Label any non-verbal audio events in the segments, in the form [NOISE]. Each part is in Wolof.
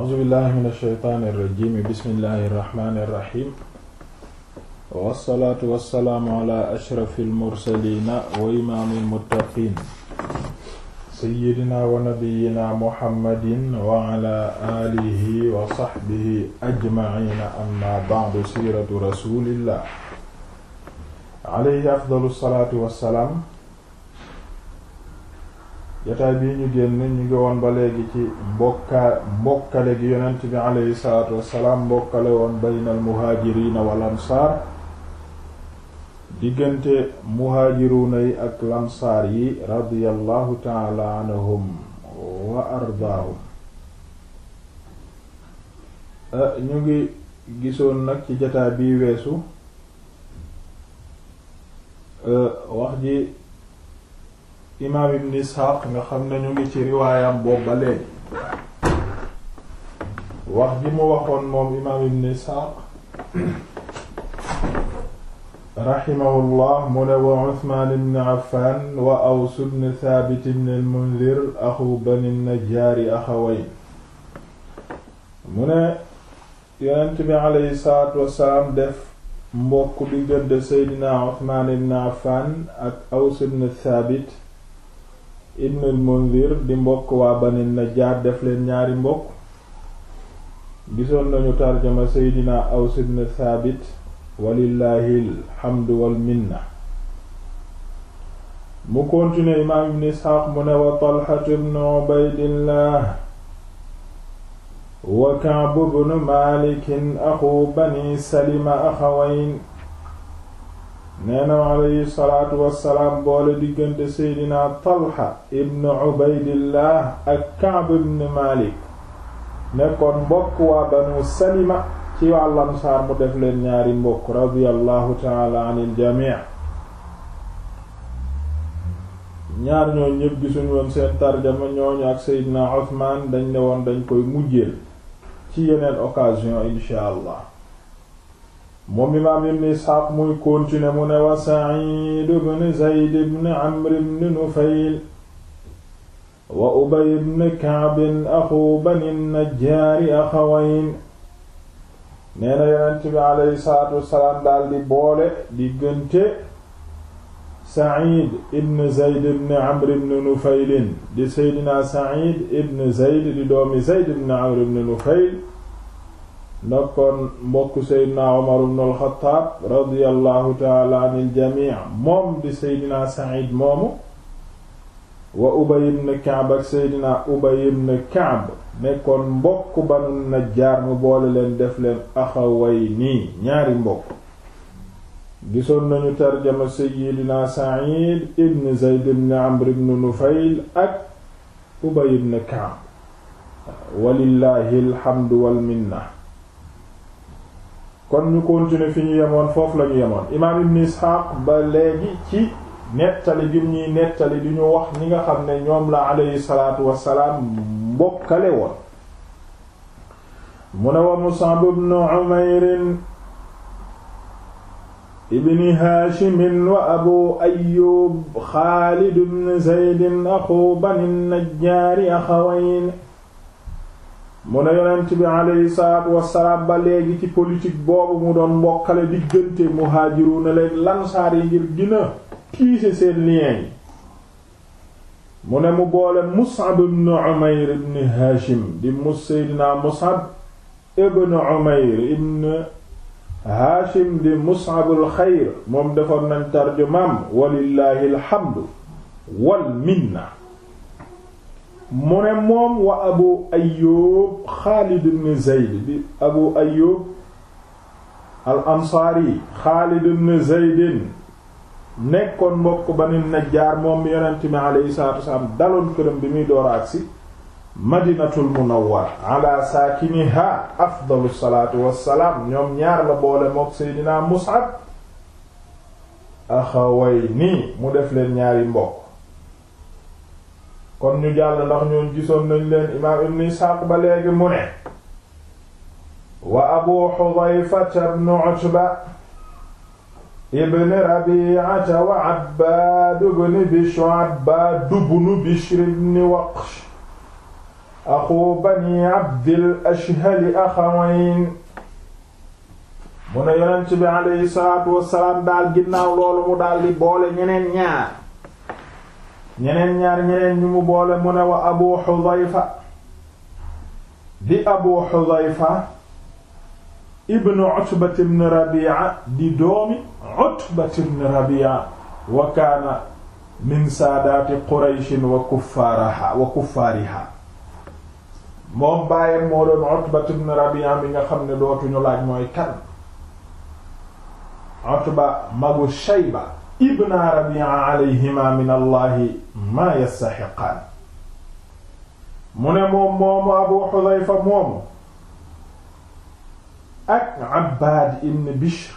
a'uuzu billahi min ashaytaani irrajim bismillahi irrahmani irrahim wassalaatu wassalaamu ala ashrafi almursalina wa imaami almuttaqiin sayyidina wa nabiyyina muhammadin wa ala aalihi wa sahbihi ajmaciina amma ba'du siiratu rasulillah alayhi afdalu salaatu wassalaam jotaay bii ñu génn ñu ngi woon ba léegi ci mbokka mbokkale gi yonent bi aleyhi salaatu wassalaam mbokkale woon bayna al muhaajiriina wal diggante muhaajiruuna yi ak lansaar yi radiyallahu taala wa ardaahum eh, ñu ngi gisoon nag ci jotaay bii weesu eh, wax ji imaam ibn Isxaaq nga xam ne ñu ngi ci riwaayam boobu ba léegi wax ji mu waxoon moom imaam ibn Isxaaq raximahullah mu ne wa Usmaan ibn Affaan wa Aws ibn Saabit ibn al-Munzir axu Bani Najjaari axawayn mu ne yonent bi aleyhi def mbokk diggante Seydina Usmaan ibn Affaan ak Aws ibn Saabit ibn al Munzir di mbokk waa Bani Najjaar def leen ñaari mbokk gisoon nañu tarjama seydina Aws ibn Thabit walillahi alhamdu wal minna mu continuer imaam ibn Isxaaq mu ne wa Talha ibn Ubaydillah wa Ka'b ibn Maalik axu Bani Salima axawayn neena alayhi salaatu wassalaam boole diggante seydina talha ibn ubaydillah ak ka'b ibn malik nekkoon mbokk waa banu salima ci waa lamsaar mu def leen ñaari mbokk radiyallahu taala anil jamii ñaar ñoo ñépp gisuñu woon seen tarjama ñooñu ak seydina uthman dañ ne woon dañ koy mujjeel ci yeneen occasion insha allah moom imaam ibn isxaaq muy continuer mu ne wa sacid bn zayd bn camr bn nufayl wa ubay bn kacbin axu bani najjaari axawayn nee na yonent bi aleyhi salaatu wassalaam daal di boole diggante sacid ibn zayd bn camr bn nufaylin di seydina sacid ibn zayd di doomi zayd bn camr bn nufayl nekkoon mbokk seydina Umar ibn al-Khattab radiyallahu taala anil jamii moom di seydina Sa'id moomu wa Ubay ibn Ka'b ak seydina Ubay ibn Ka'b nekkoon mbokk Banu Najjaar mu boole leen def leen axawayni ñaari mbokk gisoon nañu tarjama seydina Sa'id ibn Zayd ibn Amr ibn Nufayl ak Ubay ibn Ka'b walillahi alhamdu wal kon ñu continuer fi ñu yemoon foofu lañu ñu yemoon imaam ibn Isxaaq ba léegi ci nettali bi ñuy nettali di wax ñi nga xam ne ñoom la alayhi salaatu wassalaam mbokkale woon mu wa Mus'ab ibn Umayr ibni haashimin wa abu Ayyub Xaalid ibn Zayd axu Bani Najjaar axawayn mu ne yonent bi alayhi salaatu wassalaam ba léegi ci politique boobu mu doon mbokkale diggante muhaajiruuna leen lansaar yi ngir gina tiise seen lien yi mu ne mu boole Mus'ab ibn Umayr ibn Haashim di Mus'abul xayr moom defoon nañ tarjumaam walillaahi alhamdu wal minna mu ne moom wa abu ayub xaalid ibn zayd bi abu ayub al ansaari xaalid ibn zaydin nekkoon mbokk bani najjaar moom mi yonent mi aleyhi salatu wasalaam daloon këram bi muy doora agsi madinatul munawwar ala saakiniha afdalu salaatu wassalaam ñoom ñaar la boole mook seydina mus'ab axawayni mu def leen ñaari mbokk kon ñu jàll ndax ñoon gisoon nañ leen imaam ibn Isxaaq ba léegi mu ne wa abu Xudayfata ibn Utba ibn Rabi'ata wa Abbaad ibn Bishr Abbaad ibn Bishr ibn Waqsh axu bani Abdil Ashhali axawayn mu ne yonent bi aleyhi salaatu wassalaam daal ginnaaw loolu mu daal di boole ñeneen ñaar ñeneen ñaar ñeneen ñu mu boole mu ne wa abu xudayfa di abu xudayfa ibnu ibn rabia di doomi utbat ibn rabia wa kaana min saadaati qurayshin wa kuffaariha moom bàyyam moo doon utbat ibn bi nga xam ne dootuñu laaj mooy kan utba magu shayba ibna rabi'a alayhima min allahi maa yastaxiqaan mu ne moom moomu abu xudayfa moomu ak abbaad ibn bishr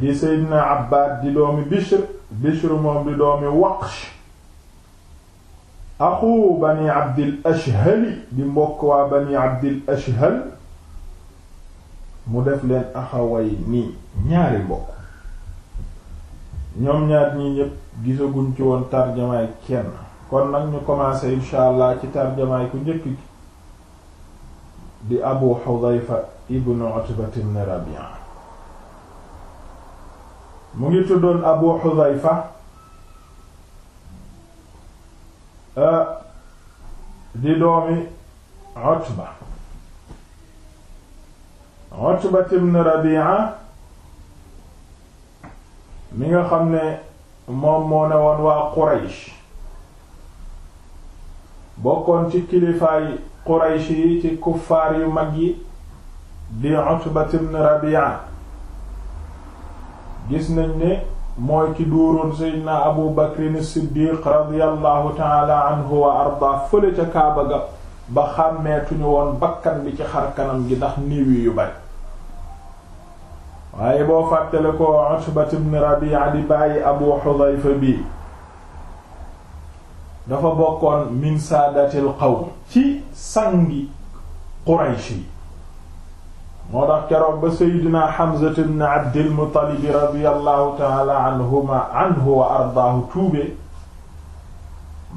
di seydina abbaad di doomi bishr bishr moom di doomi waqsh axu bani abdil ashhali di mbokk waa bani abdil ashhal mu def leen axaway nii ñaari mbokk ñoom ñaar ñi ñépp gisaguñ ci woon tarjamaay kenn kon nag ñu commencé insha allah ci tarjamaay ku njëkk gi di abu xudayfa ibnu rabi'a mu ngi tuddoon abu xudayfa di doomi utba rabi'a mi nga xam ne moom moo ne woon waa Quraysh bokkoon ci kilifaay Quraysh yi ci kuffaar yu mag yi di Utbat ibn gis nañ ne mooy ki duuroon Seydina Abu Bakrin Siddiq radiyallahu ta'ala anhu wa arda fële ca Kaaba ga ba xàmmeetuñu woon bakkan bi ci xar gi ndax niiw yu bari waaye boo fàttale ko Utbat ibn Rabi'a di bàyyi Abu Hudhayfa bi dafa bokkoon min saadatil qawm ci sangi Quraysh yi moo tax keroog ba Seydina Hamza ibn Abdil Muttalib radiyallahu ta'ala anhuma anhu wa ardaahu tuube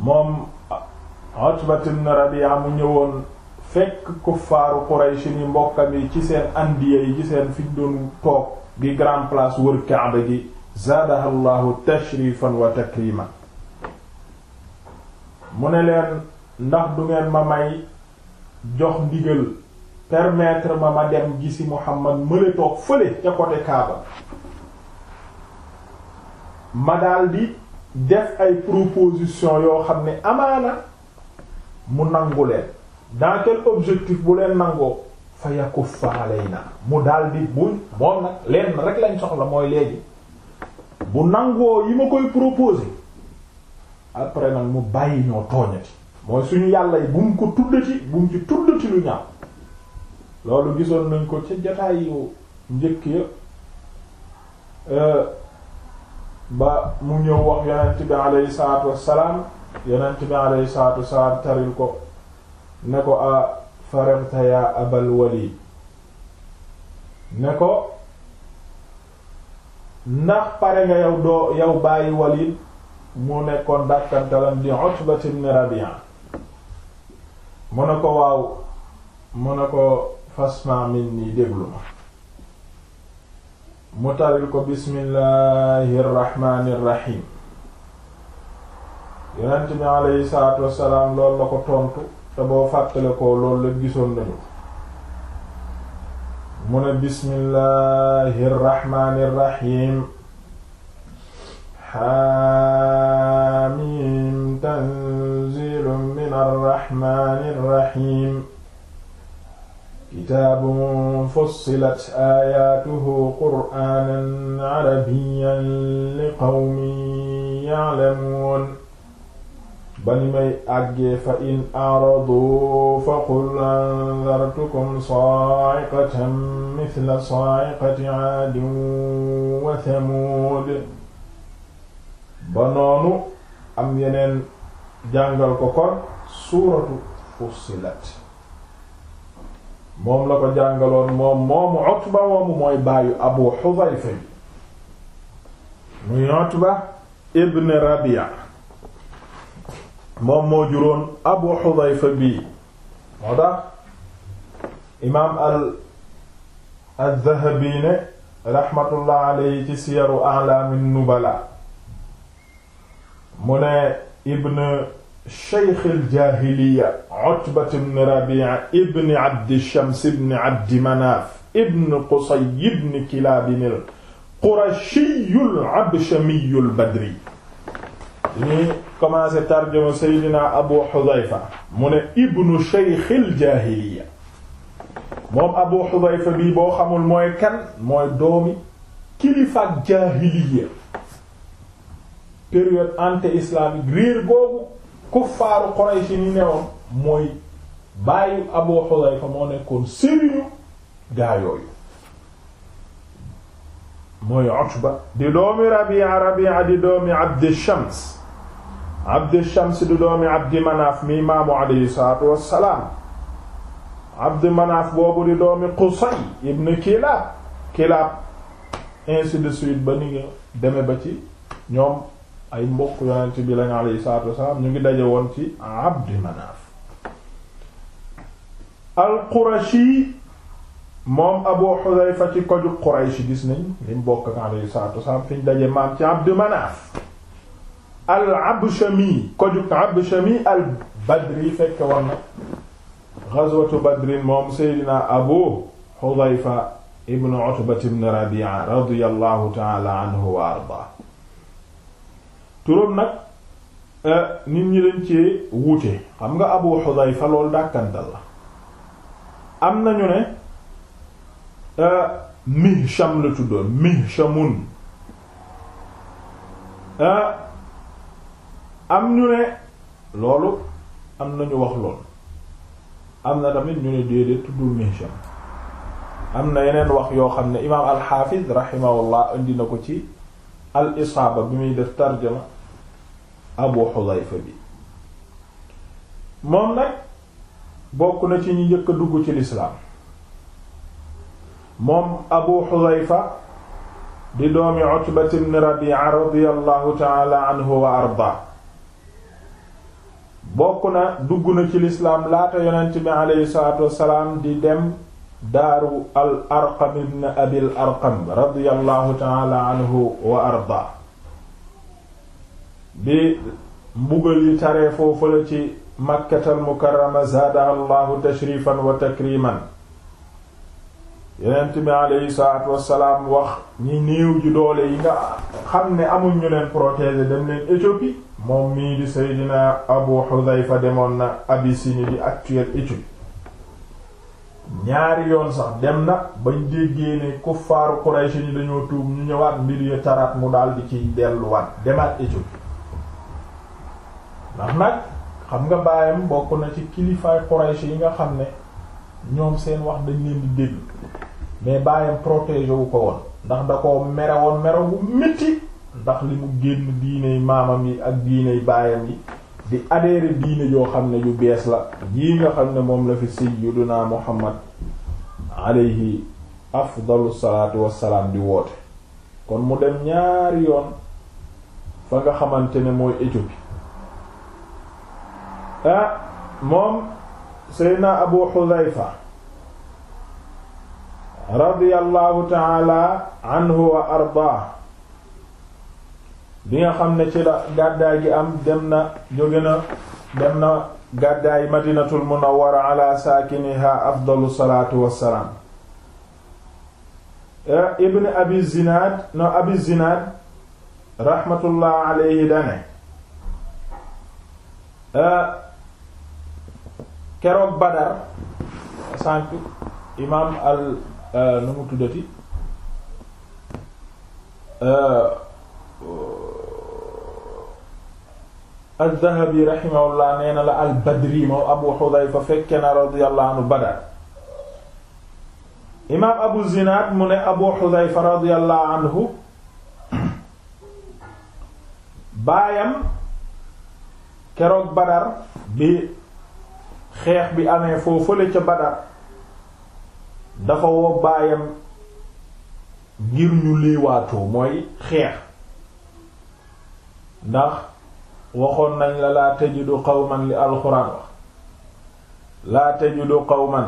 moom Utbat ibn Rabi'a mu ñëwoon fekk kuffaaru Quraysh ni mbokkam yi ci seen andiya yi ci seen fiñ doon toog di grand place wër Kaaba gi zaadaha tashrifan wa takriman mu ne leen ndax du ngeen ma may jox ndigal permettre ma ma dem gisi Muhammad mële toog fële ca côté Kaaba ma daldi def ay proposition yoo xam ne amaana mu nangu leen dans quel objectif bu leen nangoo fa yi alayna mu daldi di buñ moom nag leen rek lañ soxla mooy léegi bu nangoo yi ma koy proposé après nag mu bàyyi ñoo tooñati mooy suñu yàlla yi bu mu ko tuddati bu mu ci tuddati lu ñaaw loolu gisoon nañ ko ca jotaay yu njëkk ya ba mu ñëw wax yonent bi alayhi salaatu wassalaam yonent ko ne ko a faragta yaa abal walid ne ko ndax pare nga yow doo yow bàyyi walid mu nekkoon dàkkantalam di Utba ibn mu ne ko waaw mu ne ko fasma minni déglu ma mu taril ko bismillahi rrahmani rrahim yonent bi alayhi salaatu wassalaam loolu la ko tontu te boo fàttale ko loolu la gisoon nañu mu ne bismillahi irrahmani irrahim xaamim tanzilun min arrahmani irrahim kitaabun fussilat aayatuhu qur'aanan arabiyyan liqawmin ya'lamuun ba ni may àggee fa in aradu fa qul andartukum sa'iqatan mithla sa'iqati 'aadin wa thamud ba noonu am yeneen jàngal ko kon suuratu fussilat moom la ko jàngaloon moom moomu Utba moomu mooy baayu Abu Hudhayfa muy Utba ibn Rabi'a moom moo juróon abu xudayfa bii moo tax imaam al al-Dhahabi ne raxmatullah alayhi ci siyaru a'lamin nubala mu ne ibn sheykh al-jaahiliya Utba ibn Rabi'a ibn Abdi Shams ibn Abdi Manaaf ibn Qusay ibn Kilaab al-Qurashi al-Abshami al-Badri ñi commencé tarjuma Seydina Abu Hudhayfa mu ne ibnu sheykhil jaahiliya moom Abu Hudhayfa bii boo xamul mooy kan mooy doomi kilifaak jaahiliya période anté-islamique riir boobu kuffaaru Quraysh ni newoon mooy bàyyi Abu Hudhayfa moo nekkoon sëriñu gaa yooyu mooy di doomi Rabi'a Rabi'a di doomi Abd Shams abdi shams di doomi abdi manaaf mi maamu alayhi salaatu wassalaam abdi manaaf boobu di doomi qusay ibn kilaab kilaab ainsi de suite ba ni nga deme ba ci ñoom ay mbokk yonent bi lañu alayhi salaatu wassalaam ñu ngi daje woon ci abdi manaaf al qurashi moom abu xudayfa ci koju quraysh gis nañ lim bokk ak alayhi salaatu wassalaam fi ñu daje maam ci abdi manaaf al abshami kojug al badri fekk war na ghazwatu badrin moom seydina abu hudhayfa ibn utbat ibn rabi'a radiyallahu ta'ala anhu wa arda turam nag eh, nit ñi dañ ci wuute xam nga abu hudhayfa loolu dàkkantal la am nañu ne eh, mihsham la tuddoon mihshamun eh, am ñu ne loolu am na ñu wax lool am na tamit ñu ne déedéet tuddul Mihsham am na yeneen wax yoo xam ne imaam al-Hafiz indi na ko ci al isaaba bi muy def tarjama Abu Hudhayfa bi moom nag bokk na ci ñu jëkk dugg ci lislaam moom Abu Hudhayfa di doomi Utba ibn Rabi'a radiyallahu ta'ala anhu wa arda bokk na dugg na ci lislaam laata yonent bi aleyhi salaatu di dem daaru al arqam ibn abil arqam radiyallahu taala anhu wa arda bi mbugal yi taree foofu la ci makkatal mukarrama zaadaha allahu tashrifan wa takriman yeneen bi aleyhi salaatu wassalaam wax ñi néew ji doole yi nga xam ne amuñ ñu leen protéger dem leen Éthiopie moom mii di Seydina Abu Hudhayfa demoon na Abyssinie di actuelle Éthiopie ñaari yoon sax dem na bañ déggee ne kuffaaru Quraysh ñi dañoo tuub ñu ñëwaat mbir yu taraat mu daal di ciy delluwaat demaat Éthiopie ndax nag xam nga baayam bokk na ci kilifaay Quraysh yi nga xam ne ñoom seen wax dañ leen di dégg mais bàyyam protégé wu ko woon ndax da ko mere woon mere wu ndax li mu génn diiney maamam yi ak diiney baayam yi di adhéré diine joo xam ne yu bees la jii nga xam ne moom la fi sayyiduna muhammad alayhi afdalu salaatu wassalaam di woote kon mu dem ñaari yoon fa nga xamante ne mooy Éthiopie ah moom Seydina Abu Hudhayfa radiyallahu taala anhu wa ardaa bi nga xam ne ci la gàddaay gi am dem na jóge na dem na gàddaay madinatul munawwara ala saakiniha afdalu salaatu wassalaam eh, ibn abi zinaad no abi zinaad raxmatullah alayhi dane eh, keroog badar sànq imaam al Euh, nu mu tuddati euh, az-Zahabi rahimahullah nee na la al-Badri moom Abu Hudhayfa fekke na radiyallahu anhu Badar imaam Abu Zinaad mu ne Abu Hudhayfa radiyallahu anhu baayam keroog Badar bi xeex bi amee foofule ca Badar dafa woo baayam ngir ñu liiwaatoo mooy xeex ndax waxoon nañ la laa tajidu qawman li alxuraan wax laa qawman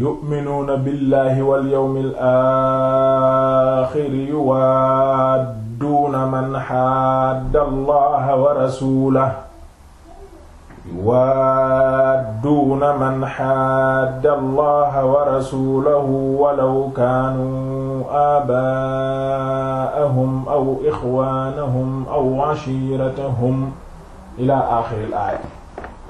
yu'minuuna billaahi wal yawmil aaxiri man xaadda allaha wa rasuulahu waadduuna man xaadda allaha wa rasulahu walaw kaanuu aabaa'ahum aw ixwaanahum aw ashiiratahum ilaa aaxiril aaya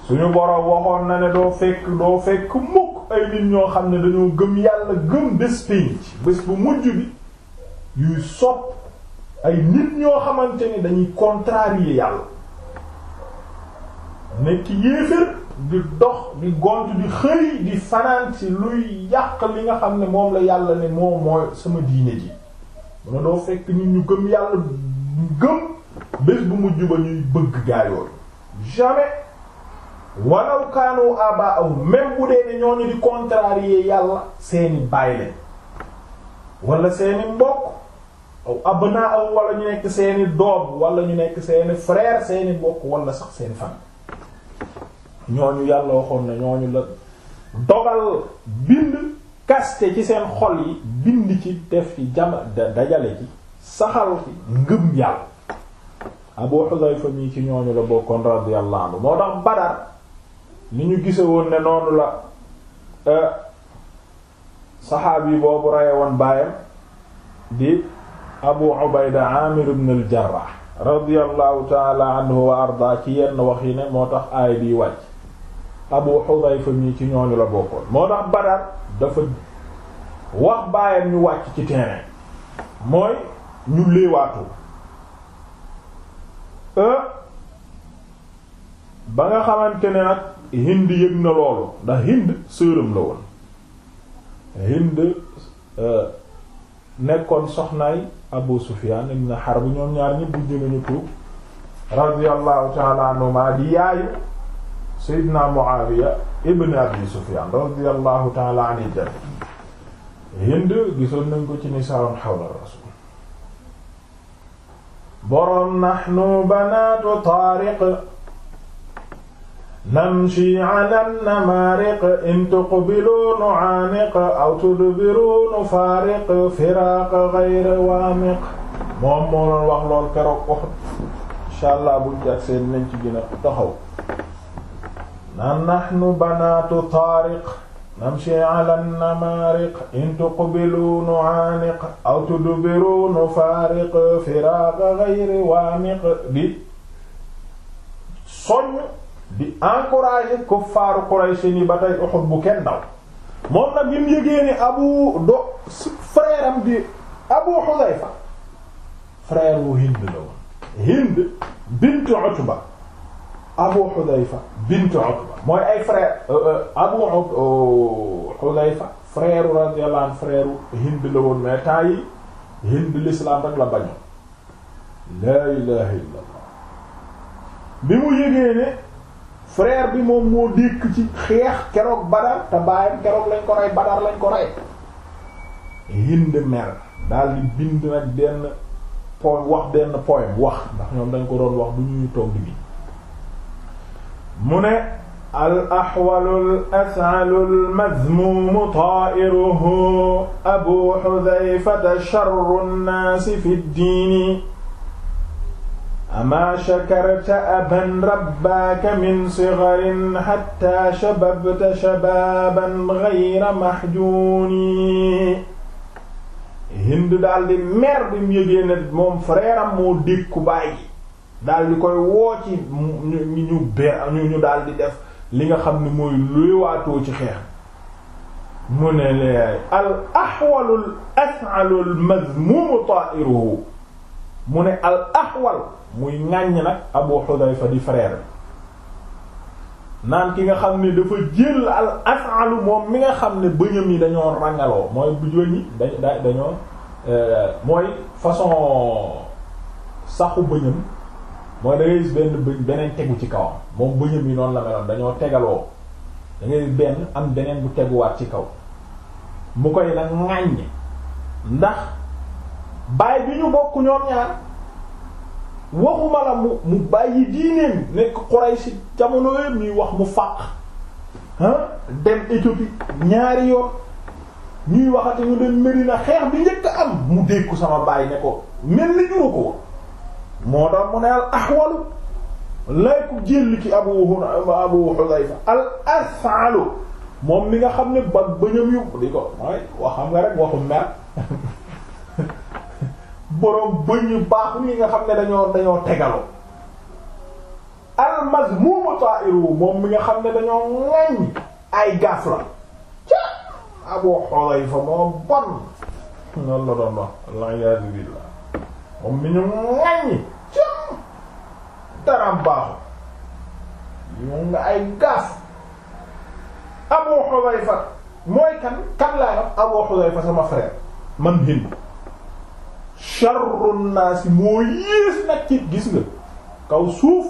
suñu boroom waxoon na ne doo fekk doo fekk mukk ay nit ñoo xam ne dañoo gëm yàlla gëm bés pénc bés bu mujj bi yuy sopp ay nit ñoo xamante ni dañuy contrarier yàlla nekk yéefér di dox di gont di xëy di fanaan ci luy yàq li nga xam ne moom la yàlla ne moom mooy sama diine ji muna doo fekk nit ñu gëm yàlla gëm bés bu mujj ba ñuy bëgg gaayooyu jamais walaw kaanu aw même bu dee ne ñooñu di contrarier yàlla seeni bàyyi leen wala seeni mbokk aw abna aw wala ñu nekk seeni doom wala ñu nekk seeni frère seeni mbokk wala sax seeni famille ñooñu yàlla waxoon na ñooñu la dogal bind kaste ci seen xol yi bind ci def ci jama dajale ci saxal ci ngëm yàlla Abu Hudayfa mi ci ñooñu la bokkoon radiyallahu anhu moo tax Badar ni ñu gise woon ne noonu la euh, saxaabi boobu reye woon baayam di Abu Ubayda Amir ibn al-Jarrah radiyallahu ta'ala anhu wa arda ci yenn wax yi ne moo tax aay bi wàcc Abu Hudayfa mii ci ñooñu la bokkoon moo tax Badar dafa wax baayam ñu wàcc ci terrain mooy ñu léewaatoo euh, ba nga xamante ne nag Hind yëg na loolu ndax Hind sëram la woon Hind euh, nekkoon soxnaay Abu Sufyan ibn Harb ñoom ñaar ñëpp bu jëlañu tuub radiyallahu ta'ala anhuma di yaayu Seydina Muawiya ibn Abi Sufyan radiyallahu ta'ala anil jami Hind gisoon nañ ko ci nisaa'un hawla rasul boroom nahnu banaatu Taariq namshi ala namaariq in tuqbilu nu'aaniq aw tudbiru nufaariq firaaq ghayra waamiq moom moo doon wax lool keroog Uhud inshallah buñ jàg seen nañ ci gën a taxaw naan naxnu banaatu taariq namshi ala namaariq in tuqbilu nu aaniq aw tudbiru nu faariq firaaqa gayri waamiq di soññ di encourager kuffaaru Quraysh ni ba tey Uhud bu kenn daw moom nag bi mu yëgee ni abu do frère am di abu Hudayfa frère wu Hind la woon Hind bint Utba Abu Hudayfa bint Utba mooy ay frère euh, euh, Abu euh, Hudayfa frère radiyallahu anhu Hind la woon mais temps yi Hind l'islam rek la bañoon laa ilaha illa bi mu yëgee ne bi moom moo dékk ci xeex keroog Badar te keroog lañ ko rey Badar lañ ko rey Hind mer daal bind nag benn point wax benn poème wax ndax ñoom dañ ko doon wax bu ñuy bi mu ne al axwalu al as'alu al madhmuumu taa'iruhu abu xudayfata sharru nnaasi fi ddiini amaa shakarta aban rabbaaka min sigarin xatta shababta shabaaban gayra maxjuuni hind daldi mer bi mu yëgee ne moom frère am moo dékku bàyyi daal di koy woo ci ñu ñu ber ñu daal di def li nga xam ne mooy léewaatoo ci xeex mu ne leey al axwalul asalul mazmumu ta'iruhu mu ne al axwal muy ŋàññ nag abu xudayfa di frère naan ki nga xam ni dafa jël al asalu moom mi nga xam ne bëñam yi dañoo rangaloo mooy bujoñ yi da dañoo euh, mooy façon saxu bëñam mooy da ngay gis benn bëñ beneen tegu ci kawam moom bëñëm yi noonu la meloon dañoo tegaloo da ngay benn am beneen bu teguwaat ci kaw mu koy la ŋàññ ndax baay bi ñu bokk ñoom ñaar waxuma la mu mu bàyyi diineem nekk Quraysh jamono yooyu muy wax mu fàq ah, dem Éthiopie ñaari yoon ñuy waxati ñu dem Medina xeex bi njëkk am mu dékku sama baay ne ko mel ni ñu ko moo tax mu ne al ahwalu lay ku ci abu abu Hudayfa al as'alu moom li nga xam ne ba bëñëm yu di ko mooy wax xam nga rek waxu mer [LAUGHS] boroom bëñ yu baax nga xam ne dañoo dañoo tegaloo al mazmumu ta'iru moom mi nga xam ne dañoo ŋañ ay gaaf la ca abu Hudayfa moo bon noonu la doon wax al a'yadu billah moom mi ñu ŋañ daraam baaxul moom nga ay gaaf Abu Hudayfa mooy kan kan laa wax Abu Hudayfa sama frère man Hind sharru naas moo yées nag ci gis nga kaw suuf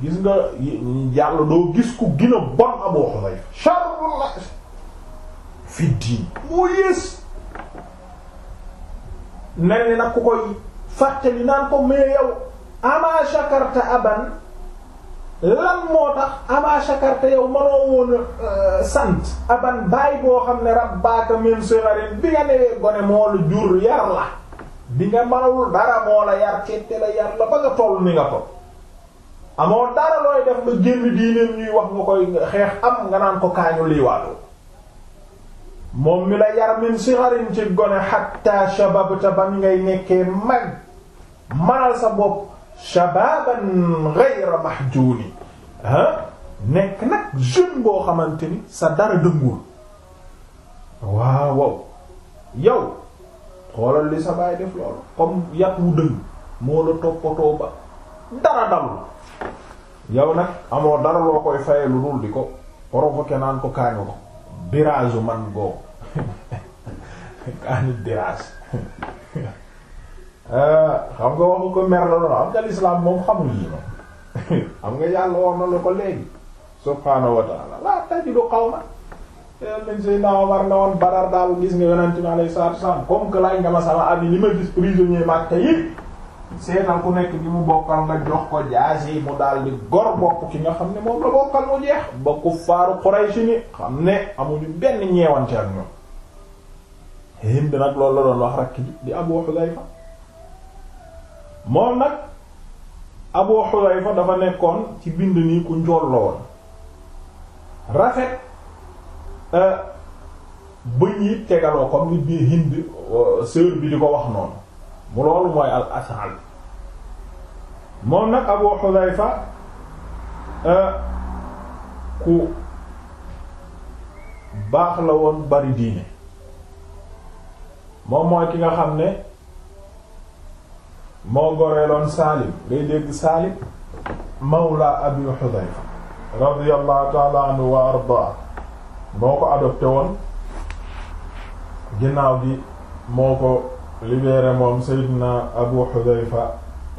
gis nga yàlla doo gis ku gën a bon Abu Hudayfa sharru naas fi diin moo yées mel nag ku koy fàttali naan ko mais yow ama shakarta aban lan moo tax ama shakarta yow manoo woon euh, sant aban bàyyi boo xam ne rabbaaka min sirarin bi nga newee gone moo la jur yar bi nga manawul dara moo la yar cette la yar ba nga toll ni nga toll amoo dara looy def nga génn diineem ñuy wax nga koy xeex am nga naan ko kaañu liiwaatoo moom mi la yar min sirarin ci gone hatta shababta ba ngay nekkee mag manal sa bopp shababan ghayra mahjuni ah nekk nag jeune boo xamante ni sa dara dëngul waaw yow xoolal li sa baay def loolu comme yàpp dëng moo la toppatoo ba dara dalul yow nag amoo dara koy fayee lu dul di ko provoquer naan ko kaanu ko biraasu man googu [LAUGHS] kaanu biraas Euh, xam nga waxu ko mer la doon xam nga lislaam moom xamul yi xam nga yàlla wax na la ko léegi subhaanahu wa ta'ala laa tajidu qawman lañ say naawa war na woon badar daal gis nga yonente bi alayhi salaatu wasallam comme que laaj nga ma sama abi li ma gis prisonnier Makka yi seetal ku nekk gi mu bokkal nga jox ko jaasi mu daal di gor bopp ki nga xam ne moom la bokkal mu jeex ba kuffaaru Quraysh ni xam ne amuñu benn ñeewante ak ñoom Hind nag loolu la doon wax rakk di Abu moom nag Abu Hudayfa dafa nekkoon ci bind nii ku njool la woon rafet euh, bëñ yi tegaloo comme ni bii Hind euh, sœur bi di ko wax noonu mu loolu mooy al asal moom nag Abu Hudayfa euh, ku baax la woon bari diine moom mooy ki nga xam ne moo goreeloon Saalim day dégg Saalim mawla Abi Hudayfa radiyallahu ta'ala anhu wa ardaa moo ko adopté woon ginnaaw gi moo ko libéré moom Seydina Abu Hudayfa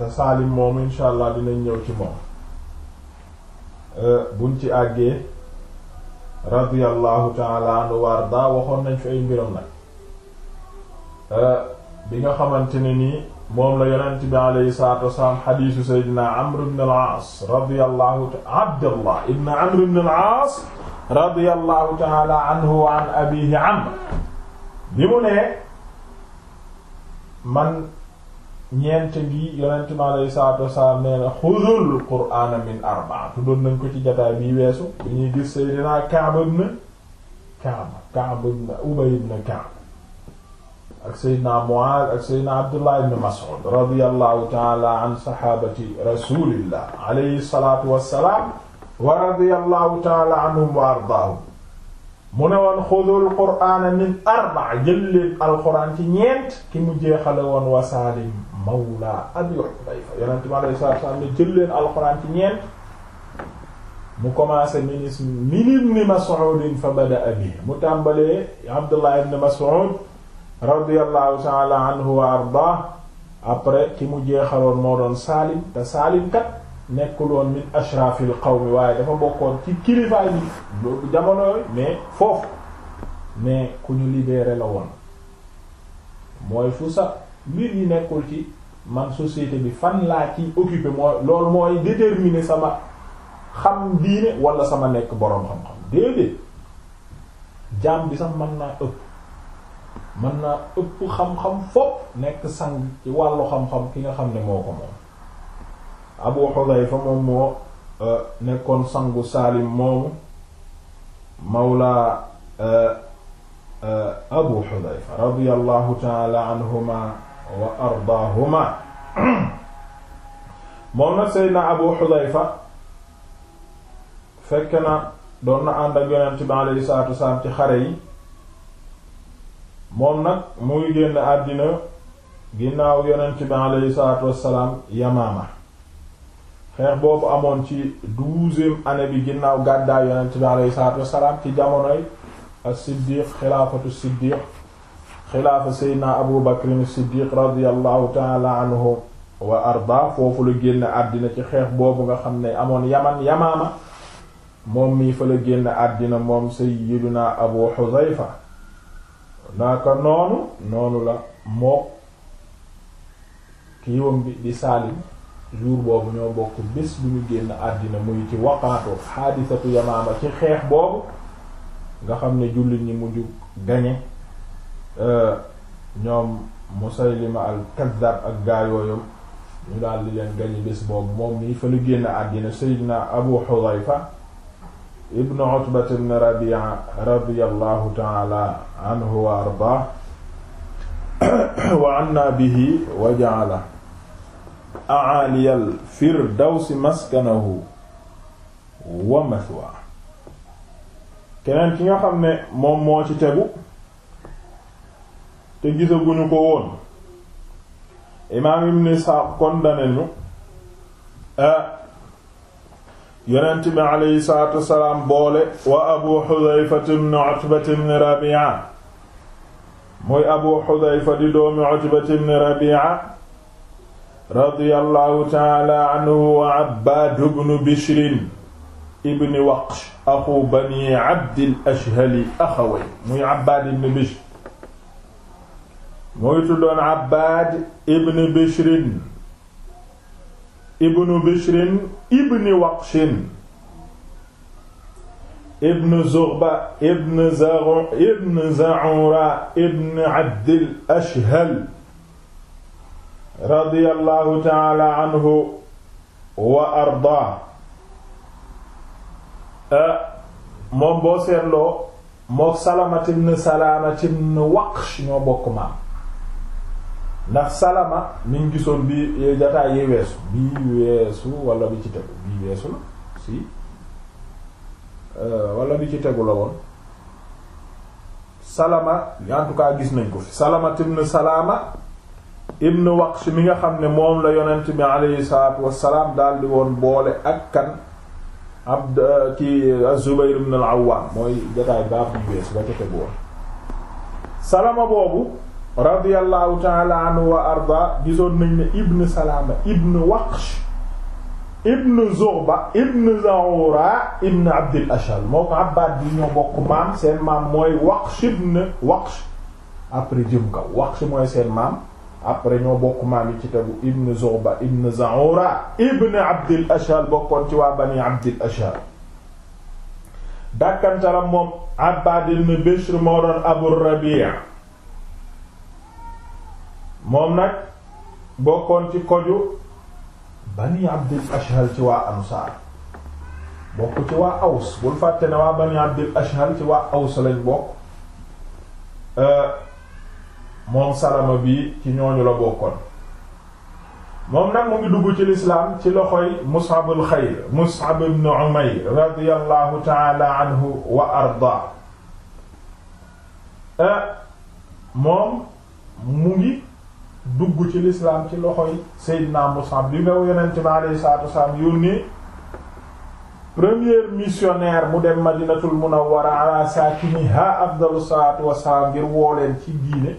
te Saalim moom insha allah dinañ ñëw ci moom euh, buñ ci àggee radiyallahu ta'ala anhu wa ardaa waxoon nañ fi ay mbiram nag euh, bi nga xamante nii moom la yonent bi alayhi salaatu wasalaam xadiisu seydina amr ibn al-aas radiyallahu abdallah ibn amr ibn al-aas radiyallahu taala anhu wa an abiihi amr bi mu ne man ñeent ngi yonent bi alayhi salaatu wasalaam nee na xudul qur'aana min arba'a tuddoon nañ ko ci jotaay bii weesu bi ñuy gis seydina Ka'b ibn Ka'b Ka'b ibn Ubay ibn Ka'b ak seydna Muaaz ak seydna Abdullah ibn Mas'ud radiyallahu ta'ala an sahabati rasulillah alayhi salatu wassalam wa radiyallahu ta'ala anhum wa ardaahum mu ne woon xudul qur'aana min arba jëlleen alquran ci ñeent ki mu jeexale woon wa Saalim mawla Abi Hudayfa yonente bi alayhi salaatu wa salaam ne jëlleen alquran ci ñeent mu commencé min ismi min ibn Mas'ud fa bada'a bihi mu tàmbalee Abdullah ibn Mas'ud radiyallahu taala anhu après ki mu jeexaloon moo doon Saalim te Saalim kat nekkul woon min ashrafil qawmi waaye dafa bokkoon ci kilifaay bi jamono yooyu mais foofu mais ku ñu libéré la woon mooy fu sa mbir yi nekkul ci man société bi fan laa ciy occupé mooy loolu mooy déterminer sama xam diine wala sama nekk boroom xam-xam déedéet jaam bi sax mën naa ëpp mën naa ëpp xam-xam fopp nekk sang ci wàllu xam-xam ki nga xam ne moo ko moom Abu Hudayfa moom moo euh, nekkoon sangu Saalim moomu mawla euh, euh, Abu Hudayfa radiyallahu ta'ala anhuma wa ardaahuma [CLEARS THROAT] moom nag Seydina Abu Hudayfa fekk na doon na ànd ak Yonent bi alayhi salaatu wa salaam ci xare yi moom nag muy génn àddina ginnaaw yonent bi aleyhi salaatu wassalaam yamaama xeex boobu amoon ci douzième année bi ginnaaw gàddaay yonent bi aleyhi salaatu wassalaam ci jamonoy as-siddiq xilaafatu siddiq xilaafa seydna abu bakrin siddiq radiallahu taala anhu wa arda foofu la génn àddina ci xeex boobu nga xam ne amoon yaman yamaama moom mii fa la génn àddina moom sayyiduna abu xuzayfa ko noonu noonu la moo kiiwam bi di saalim jour boobu ñoo bokk bés bu ñu génn àddina muy ci waqaatu xaadisatu yamaama ci xeex boobu nga xam ne jullit ñi mujj gañe euh, ñoom musaylima al kazzab ak gaayooyam ñu daal di leen gañe bés boobu moom nii fa lu génn àddina seydina abu xudayfa ibnu Utbata ibn Rabi'a radiyallahu ta'ala anhu wa wa anna bihi wa ja'ala a'aliyal firdawsi maskanahu wa mathwa keneen ki nga xam ne moom moo ci tegu te gisaguñu ko woon imaam ibn Isxaaq kon dane ñu yonent bi aleyhi salaatu wasalaam boole wa abu xudayfati bni utbati bni rabia muy abu xudayfa di doomi utbati bni rabia radiyallahu taala anhu wa abbaadu bnu bishrin ibni waqsh axu bani abdil ashhali axaway muy abbaad ibni bishr muy tuddoon abbaad ibni bishrin ibnu bishrin ibni waqshin ibn Zughba ibn Za'ura ibn Za'ura ibn Abdil Ashhal radiyallahu ta'ala anhu wa ardaa moom boo seetloo mook Salamata ibn Salamata ibn Waqsh ñoo bokk maam ndax salama niñ gisoon bii e, jataay yi weesu bii weesu wala bi ci tegu bii weesu la si e, wala bi ci tegu la woon salama en tout gis nañ ko fi salama ibn salama ibn Waqsh mi nga xam ne moom la yonent bi aleyhi salaatu wassalaam daal di woon boole ak kan abd ci e, az-Zubayr ibn al-Awwam mooy jataay baab bi weesu ba ca tegu woon salama boobu radiyallahu taala anhu wa arda gisoon nañ ne ibn salaama ibn waqsh ibn zuhba ibn zaura ibn abdil ashal moo ko abbaat bi ñoo bokk maam seen maam mooy waqsh ibn waqsh après jëm kaw waqsh mooy seen maam après ñoo bokk maam yi ci tegu ibn zuhba ibn zaura ibn abdil ashal bokkoon ci waa bani abdil ashal dàkkantaram moom abbaad ibn bishr moo doon abu rabi' moom nag bokkoon ci koju bani abdil ashhal ci waa ansaar bokk ci waa aws bul fàtte ne waa bani abdil ashhal ci waa aws lañ bokk euh, moom salama bi ci ñooñu la bokkoon moom nag mu ngi dugg ci lislaam ci loxoy mus'ab al xayr mus'ab umayr radiyallahu ta'ala anhu wa arda euh, moom mu ngi dugg ci lislaam ci loxoy Seydina Musab bi nga yonente bi alayhi salaatu wasalaam yónnee premier missionnaire mu dem Madinatul Munawwara ala saakiniha afdalu salaatu wasalaam ngir woo leen ci diine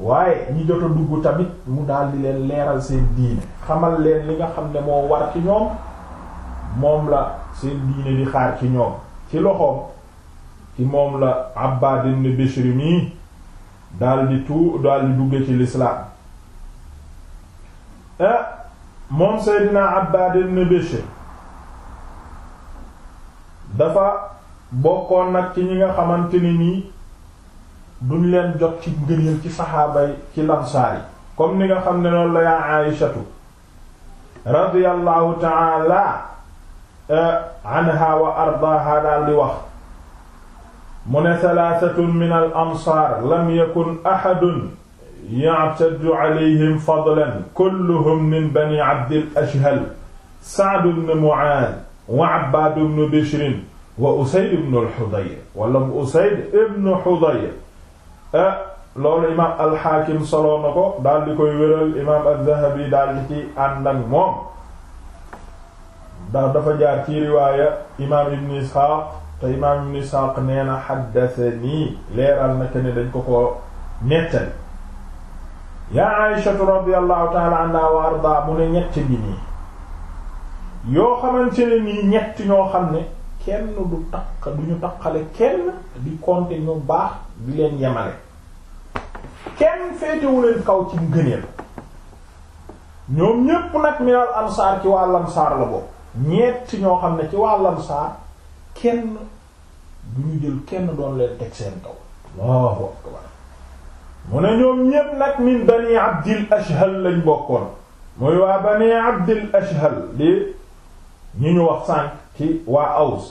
waaye ñi jot a dugg tamit mu daldi leen leeral seen diine xamal leen li nga xam ne moo war ci ñoom moom la seen diine di xaar ci ñoom ci loxoom ci moom la Abbaad ibn daal di tu daal di dugge ci lislaam ah eh, moom Seydina Abbaad ibn dafa bokkoon nag ci ñi nga xamante ni nii duñ leen jot ci ngëneel ci saxaaba yi ci lamsaar yi comme ni nga xam ne loolu la yaa Aïshatu radiyallahu ta'ala eh, anha wa ardaaha daal wax mu ne talaathatun min al ansaar lam yakun ahadun ya'taddu alayhim fadlan kulluhum min bani abdil ashhal saad bnu muaad wa abbaad bnu bishrin wa usayd bnu al-hudayr wala usayd ibnu hudayr ah, loolu imaam alxaakim soloo na ko daal di koy wéral imaam al-dhahabi daal di ci ànd ak moom ndax dafa jaar ci riwaaya imaam ibnu isxaaq te imaam ibn Isaaq nee na xaddathanii leeral na ne dañ ko ko nettali yaa Aysatu radiyallahu taala anha wa arda mu ne ñett gi nii yoo xamante ne nii ñett ñoo xam ne kenn du takk du ñu takkale kenn di compter ñu baax di leen yemale kenn féetewu leen kaw ci ngëneel ñoom ñépp nag minal ansaar ci wàllam lansaar la bokk ñett ñoo xam ne ci waa lansaar kenn du ñu jël kenn doon leen teg seen kaw Allahu akbar mu ne ñoom ñépp nag min bani abdil ashhal lañ bokkoon muy waa bani abdil ashhal di ñi ñu wax sànq ci waa aws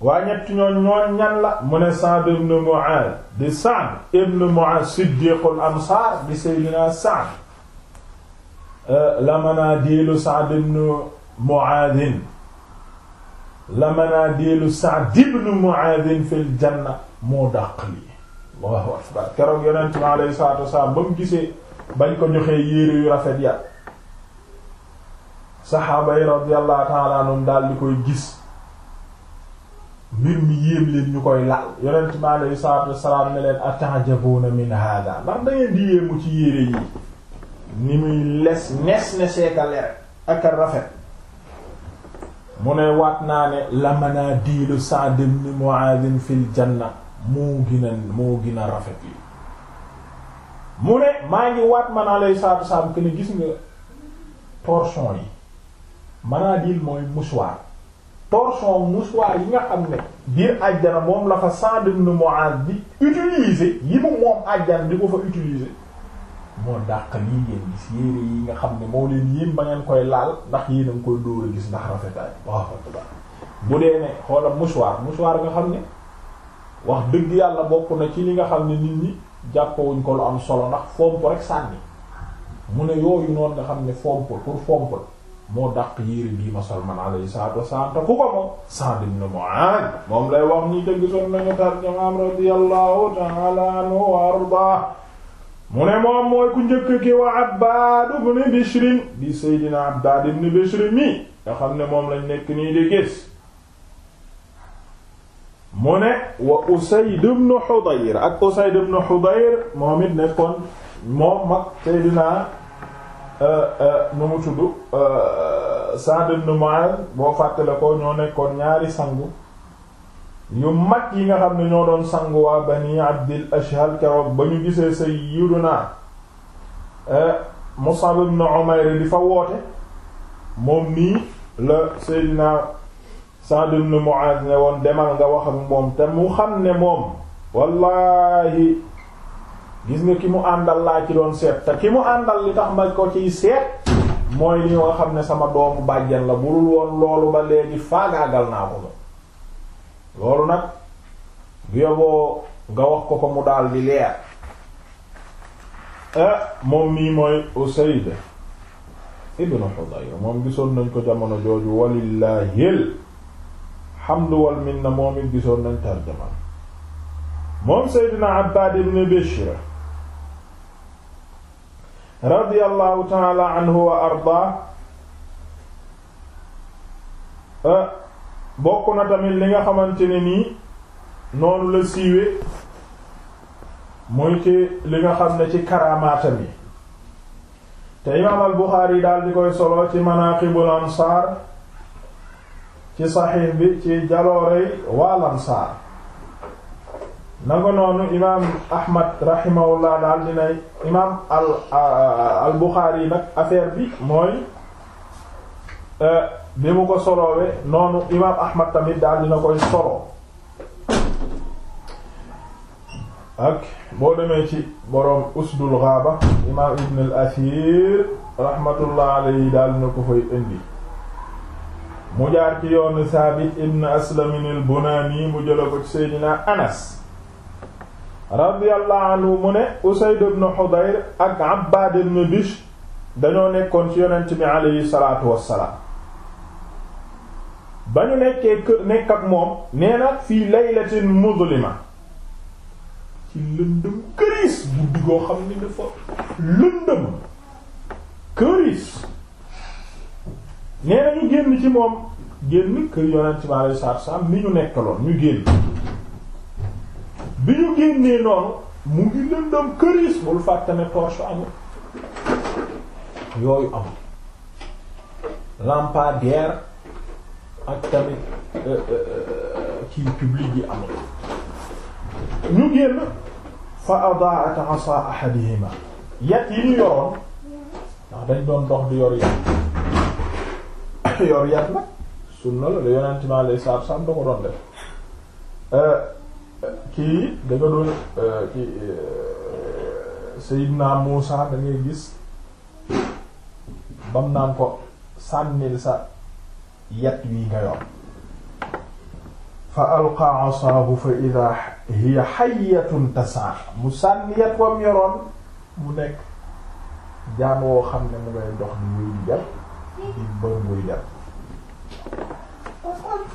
waa ñett ñoon ñoon ñan la mu ne Sa'd ibn Mu'adh di Sa'd ibn Mu'adh siddiqul ansaar di seydina Sa'd eh, la manaa diilu Sa'd ibn Mu'adh la manaadeelu Sa'd ibn Mu'adh fil janna Allahu akbar keroog yonent mi alayhi salaatu wasalaam ba mu gisee bañ ko joxee yéere yu rafet ya saxaaba yi radiyallahu ta'ala anhum daal di koy gis mbir mi yéem leen ñu koy laal yonent mi alayhi salaatu wasalaam ne leen ata'jabuuna min haadaa ndax da di yéemu ci yéere yi ni muy les nes neseeka leer ak a rafet mu ne waat naa ne la manadilu Sa'd ibn Mu'adh fil janna moo gën a moo gën rafet yi mu ne maa ngi waat man alayhi salaatu wassalaam que ne gis nga torchon yi manadil mooy mouchoir torchon mouchoir yi nga xam ne biir àjjana moom la fa Sa'd ibn Mu'adh bi utiliser yi mu moom àjjana di ko fa utiliser moo dàq lii ngeen gis yére yi nga xam ne moo leen yéem ba ngeen koy laal ndax yéen a ngi koy dóor a gis ndax rafetaay waaw bu dee ne xoola mouchoir mouchoir nga xam ne wax dëgg yàlla bokk na ci li nga xam ne nit ñi jàppawuñ ko lu am solo ndax fomp rek sànni mu ne yooyu noonu nga xam ne fomp pour fomp moo dàq yére bii ma sol man alayhi salaatu wasalaam te ku ko moom Sa'd ibn Mu'adh moom lay wax nii te gisoon nañu tarjamaam radiyallahu ta'ala anhu mu ne moom mooy ku njëkk ki wa Abbaad ibn Bishrin di Seydina Abbaad ibn Bishrin mi nga xam ne moom lañ nekk nii di gis mu ne wa Usayd ibn Hudayr ak Usayd ibn Hudayr moom it nekkoon moom mag Seydina euh, euh, nu mu tudd euh, Sa'd ibn boo fàttale ko ñoo nekkoon ñaari sangu yu mag yi nga xam ne ñoo doon sangu waa bani abdil ashhal keroog ba ñu gisee sayyiduna eh, Mus'ab na Umayr di fa woote moom nii la sayyidina Sa'd ibn Mu'adh ne woon demal nga wax ak moom te mu xam ne moom wallaahi gis nga ki mu àndal laa ci doon seet te ki mu àndal li tax ma ko ciy seet mooy li nga xam ne sama doomu bàjjan la bu dul woon loolu ba léegi faagaagal naa ko loolu nag bu yoboo nga ko mu daal di leer eh, moom mii mooy Usayd ibn Hudayr moom gisoon nañ ko jamono jooju walillahil hamdu wal minna moom it gisoon nañ tarjaman moom Seydina Abbad ibn Bishr radiyallahu ta'ala anhu wa ardaa eh, bokk na tamit li nga xamante ne nii noonu la siiwe muy ci li nga xam ne ci karaamaatam yi te imaam al Buxaari daal di koy solo ci manaqibul ansaar ci saxiix bi ci jaloorey waa lansaar nanga noonu imaam Ahmad rahimahullah daal dinay imaam al al Buxaari nag affaire bi mooy euh, bi mu ko solowee noonu imaam ahmad tamit daal dina koy solo ak boo demee ci boroom usdul ghaaba imaam ibn al rahmatullah alayhi daal dina ko fay indi mu jaar ci yoonu saabit ibn aslamin al bunaani mu jëla ko ci seydina anas radiyallahu anhu mu ne usayd ibn hudayr ak abbaad ibn bish dañoo nekkoon ci yonent bi alayhi salaatu wassalaam ba ñu nekkee kë nekk ak moom nee fii laylatin muzlima ci lëndëm këriis guddi goo xam ni dafa lëndëm këriis nee ñu génn ci moom génn kër yonent bi alayhi salaatu salaam ni ñu nekkaloon ñu génn bi ñu génnee noonu mu ngi lëndëm këriis bul fàtte ne torche amul yooyu amul lampadaire ak tamit euh, euh, euh, kii public yi amul ñu génn fa adaa'at asaa ahadihima yat yi ñu yoroon ndax dañ doon dox di yor yat [COUGHS] yor yat nag sunna la da yonent mi alayhi salaatu salaam da ko doon def kii da doon kii Seydina Muusa da ngay gis bam naan ko sànnil sa yat wi nga yor fa alqa asaahu fa ida hiya xayatun tasaa mu sànni yat wam yoroon mu nekk jaan woo xam ne mu ngay dox di wuy di dem di bër buy dem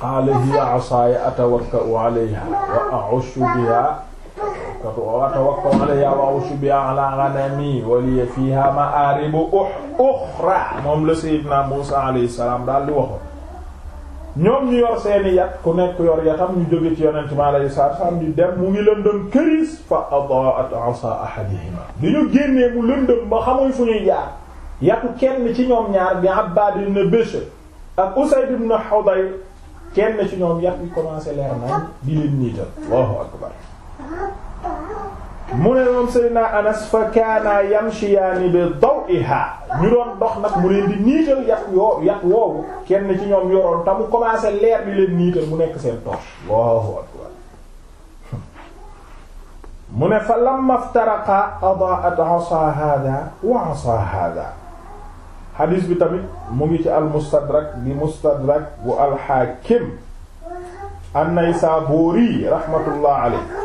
qaala hiya asaaya atawakkau alayha wa ahushu biha atawakkau alayha wa ahushu biha ala ghanami wa liya fiha ma'aaribu uxra moom la sayyidina Muusaa alayhi salaam daal di waxoon ñoom ñu yor seeni yat ku nekk yor yatam ñu jóge ci ma mi alayhi salaatu salaam di dem mu ngi lëndëm këriis fa adaa'at asaa ahadihima di ñu génnee mu lëndëm ba xamuñ fu ñuy jaar yatu kenn ci ñoom ñaar bi Abbaad ibn Bishr ak Usayd ibn Hudayr kenn ci ñoom yat bi commencé leer nañ di leen niital Allahu akbar mu ne moom Seydina Anas fa kaana yamshiyaani bi dawiha ñu doon dox nag mu leen di niital yàq yoo yàq woowu kenn ci ñoom yoroon ta mu commencé leer di leen niital mu nekk seen torche Allahu akbar mu ne fa lamma iftaraqa adaa'at asaa haadaa wa asaa haadaa hadis bi tamit mu ngi ci al mustadrak di mustadrak bu al Haakim an-Naysaabuuri rahmatullah alayhi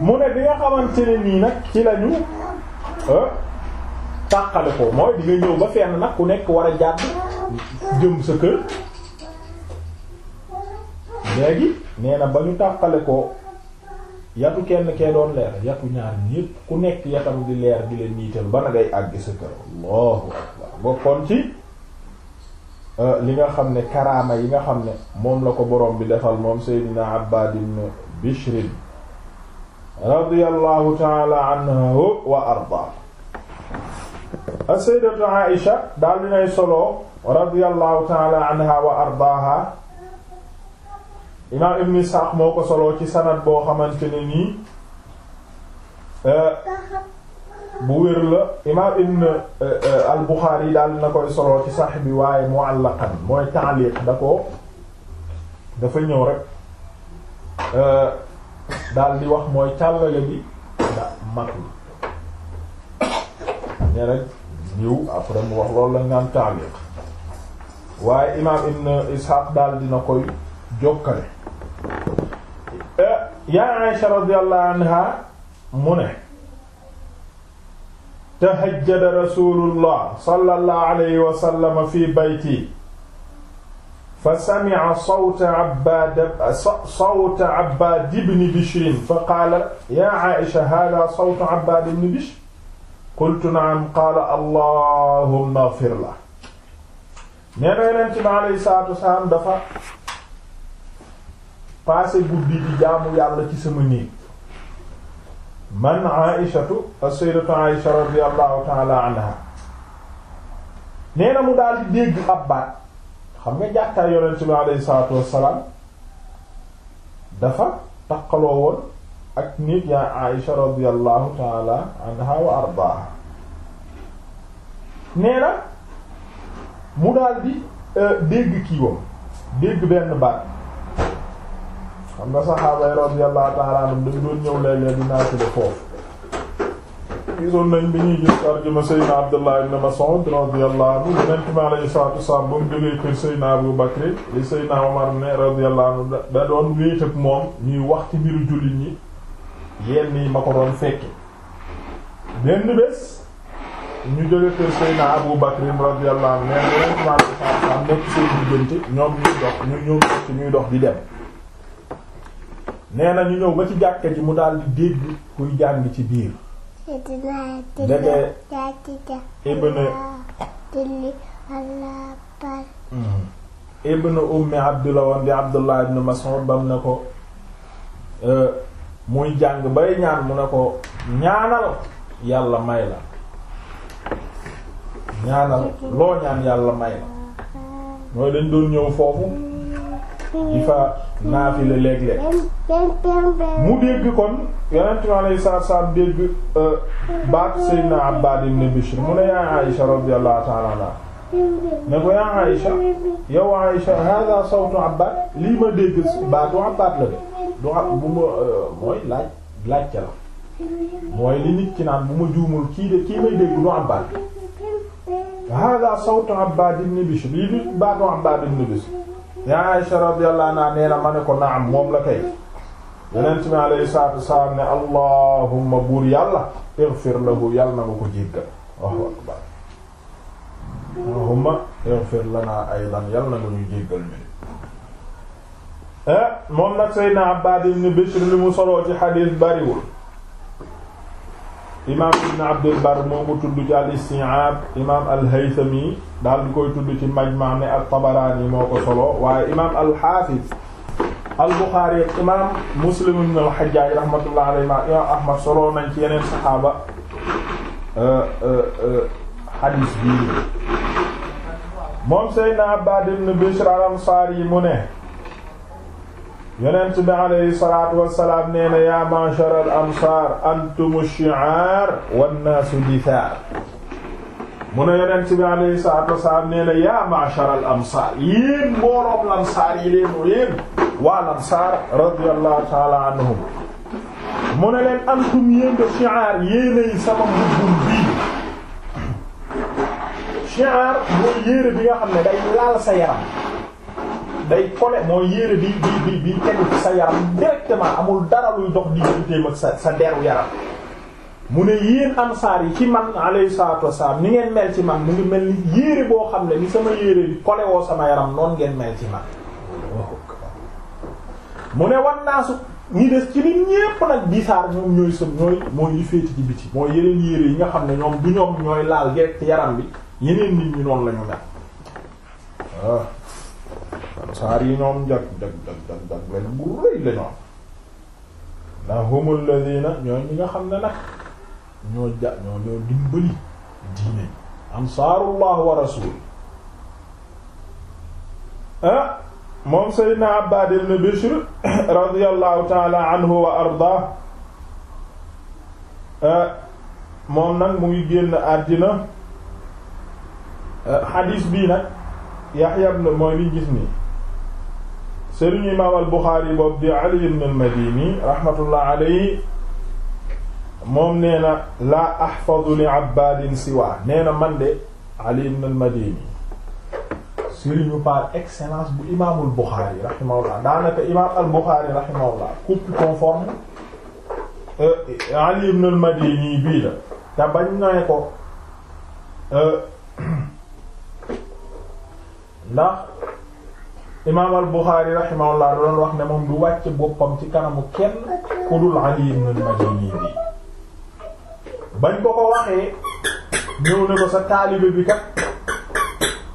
mu ne bi nga xamante ne nii nag ci la ñu euh, tàqale ko mooy di nga ñëw ba fenn nag ku nekk war a jàdd jëm sa kër léegi nee na ba ñu tàqale ko yatu kenn kee doon leer yatu ñaar ñépp ku nekk yatam di leer di leen niital ba na ngay àgg sa kër Allahu akbar bokkoon ci euh, li nga xam ne karaama yi nga xam ne moom la ko borom bi defal moom Seydina Abbad ibn Bishr radiyallahu taala anhu wa arda as-sayyidatu Aïsha daal dinay solo radiyallahu taala anha wa ardaaha imaam ibn Isxaaq moo ko solo ci sanad boo xamante ne nii eh, bu wér la imaam ibn eh, al-Buxaari daal dina koy solo ci sax bi waaye mu'allaqan mooy ta'liq da ko dafa ñëw rek eh, daldi wax mooy càllale bi da matul ne rek diw après mu wax loolu lañ naan taaliq waaye imaam ibn Ishaq daal dina koy jokkale eh, yaa Aisha radiyallahu anha mu ne tahajjada rasulullah sallallahu alayhi wa fi bayti fa sami'a sawta Abbaad sawta Abbaad ibn Bishr fa qaala yaa Aïcha haadaa sawtu Abbaad ibn Bishr qultu na'am qaala allahumma ighfir lahu nee na Yonent bi alayhi salaatu wa salaam dafa passé guddi di jaamu yàlla ci sama néeg man Aïchatu as-sayyidatu Aïcha radiyallahu ta'ala anha nee na mu daal di dégg Abbaad xam nga jàkkaay yonent bi alayhi salaatu wassalaam dafa taqaloo woon ak nit yaa Aïsha radiyallahu taala anha wa ardaaha nee na mu daal di euh, dégg kii wam dégg benn baat xam nga saxaaba yi radiyallahu taala anhum doon ñëw léeg-léeg di naafile foofu gisoon nañ bi ñuy gis tarjuma Seydina Abdullah ibn Mas'ud radiyallahu anhu Yonent bi alayhi salaatu wassalaam ba mu jógee kër Seydina Abu Bakr li Seydina Omar ne radiyallahu da doon wéet ak moom ñuy wax ci mbiru jullit ñi yenn yi ma ko doon fekke benn bés ñu jógee kër Seydina Abu Bakr radiyallahu anhu ne Yonent bi alayhi nekk seen diggante ñoom ñuy dox ñu ñoom ci ñuy dox di dem nee ñu ñëw ba ci jàkka ji mu daal di dégg kuy jàng ci biir Dege ibn ibn ummi abdullah woon di abdullah ibn mas'ud bam na ko euh, muy jàng bay ñaan mu ne ko ñaanal yàlla may la ñaanal loo ñaan yàlla may la mooy dañ doon ñëw foofu di fa naafila léeg mu dégg kon yonent mi alayhi salaatu dégg euh, baat Seydina Abbaad ibn Bishr mu ne yaa Aïsha radiyallahu ta'ala anha ne ko yaa Aïsha yow Aïsha hada sawtu Abbaad lii ma dégg baatu Abbaad la de du ab bu ma euh, mooy laaj laaj ca mooy li nit bu ma juumul kii de kii may dégg du Abbaad hada sawtu Abbaad ibn Bishr lii du baatu Abbaad ibn Bishr yaa Aysa radiyallahu anha nee na ma ne ko naam moom la kay yonent mi alayhi salaatu wasalaam ne allahumma buur yàlla ighfir lahu yàlla na nga ko jéggal Allahu akbar allahumma ighfir lana aydan yàlla na nga ñu jéggal mi eh, moom nag Seydina Abbaad ibn Bishr li mu soloo ci xadiis bariwul imaam ibn abdul bar moo ko tudd ci al isti'ab imaam al haythami daal di koy tudd ci majma ne al tabaraani moo ko solo waaye imaam al hafiz al buxaari ak imaam muslim ibn al hajjaj rahmatullah alayhi imaam ahmad solo nañ ci yeneen saxaaba euh, euh, euh, hadis bii moom seydna abbad ibn bishr al ansari mu ne yonent bi alayhi salaatu wassalaam nee na yaa ma'shar al ansaar antumu shi'aar wannaasu dithaar mu ne yonent bi alayhi salaatu wassalaam nee na yaa ma'shar al ansaar yéen mbooloom lansaar yi leen yéen waa lansaar radiyallahu ta'ala anhum mu ne leen antum yéen de shi'aar yéenay sama mbubbum bii shi'aar mooy yére bi nga xam ne day laal sa yaram day collé mooy yére bi bi bi bi tegu ci sa yaram directement amul dara luy dox digganteem ak sa sa deru yaram mu ne yéen ansaar yi ci man alayhi sa wasalaam ni ngeen mel ci man mel ni yére boo xam ne ni sama yére bi sama yaram noonu ngeen mel ci man mu ne wan naa su ñi des ci nit ñépp nag bisaar ñoom ñooy sëm ñooy mooy yi féeti ci biti mooy yeneen yére yi nga xam ne ñoom du ñoom ñooy laal direct yaram bi yeneen nit ñi noonu la mel ah. saar yi ñoom jag jag jag jag jag lañ bu rëy la ñoom ndax humul ladina ñoo ñi nga xam ne nag ñoo ja ñoo ñoo dimbali diine ah, [COUGHS] taala anhu wa ardaa ah, moom nag mu ngi génn àddina ah, xadiis bii nag Yaxya ibn mooy sëriñu imaam al Buxaari boobu di Ali ibn al-Madini rahmatullah alayhi moom nee na laa ahfadu li abbaadin siwa nee na man de Ali ibn al-Madini sëriñu par excellence bu imaamul Buxaari rahimahullah daanaka imaam al Buxaari rahimahullah couple conforme euh, Ali ibn al-Madini bii la te bañ nañ ko euh, [CLEARS THROAT] ndax imaam al Buxaari rahimahullah doon wax ne moom du wàcc boppam ci kanamu kenn ku dul Ali ibn al-Madini bi bañ ko ko waxee ñëw ne ko sa taalibe bi kat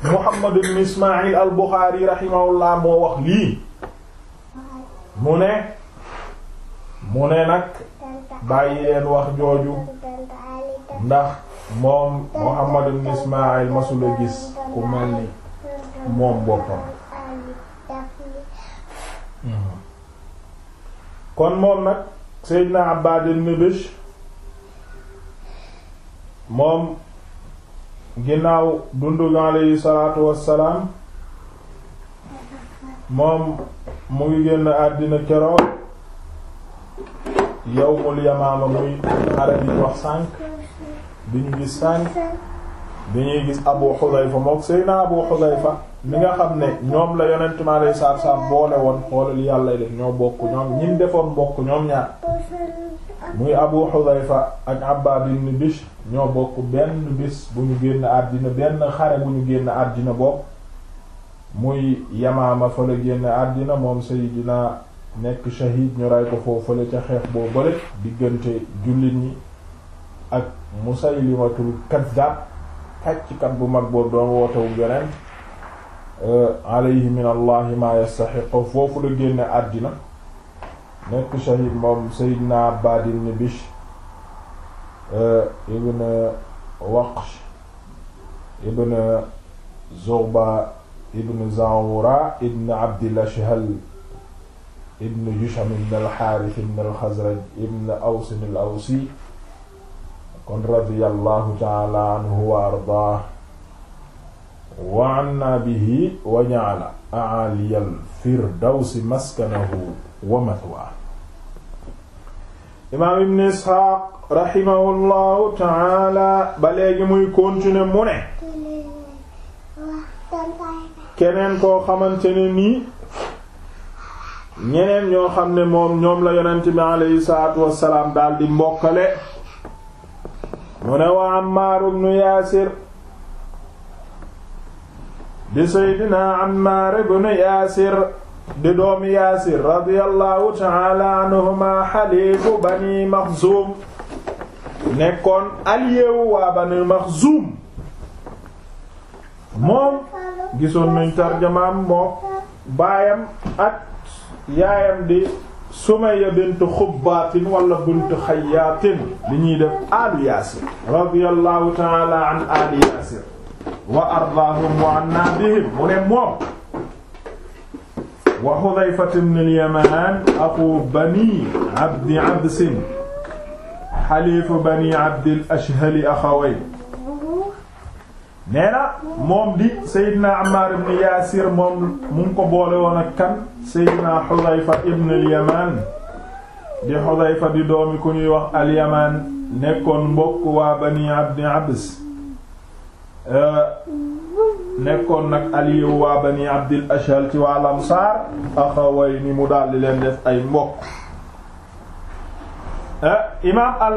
Muhammad ibn Ismaayil al Buxaari rahimahullah moo wax lii mu ne mu ne nag bàyyi leen wax jooju ndax moom Muhammad ibn Ismaayil masula gis ku mel ni moom boppam kon moom nag Seydina Abbad ibn Bishr moom ginnaaw dundu gi aleyhi salaatu wassalaam moom mu ngi génn àddina keroog yawmul yamaama muy arabi wax sànq bi ñu gis sànq bi ñuy gis Abu Hudhayfa mook Seydina Abu Hudhayfa mi nga xam ne ñoom la yonent mi alayhi salaatu salaam boole woon xoolal yàlla def ñoo bokk ñoom ñin defoon bokk ñoom ñaar muy Abu Hudhayfa ak Abbaad ibn ñoo bokk benn bis bu ñu génn àddina benn xare bu ñu génn àddina bokk muy Yamaama fa la génn àddina moom Seydina nekk shahid ñu rey ko foofale ca xeex boo bële diggante jullit ñi ak Musaylimatul Kaddaab kàcckat bu mag boobu doon wootewu yonent euh, alayhi min allahi ma yastaxiq foofu la génne àddina nekk shahid moom Seydina Abbad ibn Bish euh, ibn Waqsh ibn Zughba ibn Zawra ibn Abdil Ashhal ibn Jusham ibn al-Harith ibn al-Khazraj ibn Aws al-Awsi kon radiyallahu taala anhu wa ardaah wa anna bihi wa ja'ala a'aliyal firdawsi maskanahu wa mathwaahu imaam ibn isxaaq rahimahullahu taala ba muy kontine mu ne keneen koo xamante ne nii ñeneen ñoo xam ne moom ñoom la yonent bi alayhi salaatu wassalaam daal di mbokkale mu ne wa Ammaar ibnu Yaasir di Seydina Ammaar ibnu Yaasir di doomi Yaasir radiyallahu ta'ala anhuma xaliifu Bani Maxzuum nekkoon aliyewu waa Bani Maxzuum moom gisoon nañ tarjamaam moom baayam ak yaayam di Sumayya bint xubbaatin wala bint xayyaatin li ñuy def alu yaasir radiyallahu taala an aali yaasir wa ardaahum wa anna bihim mu ne moom wa Xudayfata ibn al-Yamaan axu bani abdi absin xaliifu bani abdil ashhali axawayn nee na moom di Seydina Ammaar ibn Yaasir moom mu ngi ko boole woon ak kan Seydina Xudayfa ibn al di Xudayfa di doomi ku ñuy wax al-Yamaan nekkoon mbokk waa Bani Abdi Abs nekkoon nag aliyu waa Bani Abdil Ashal ci waa Lamsaar axaway ni mu daldi leen def ay mbokk imaam al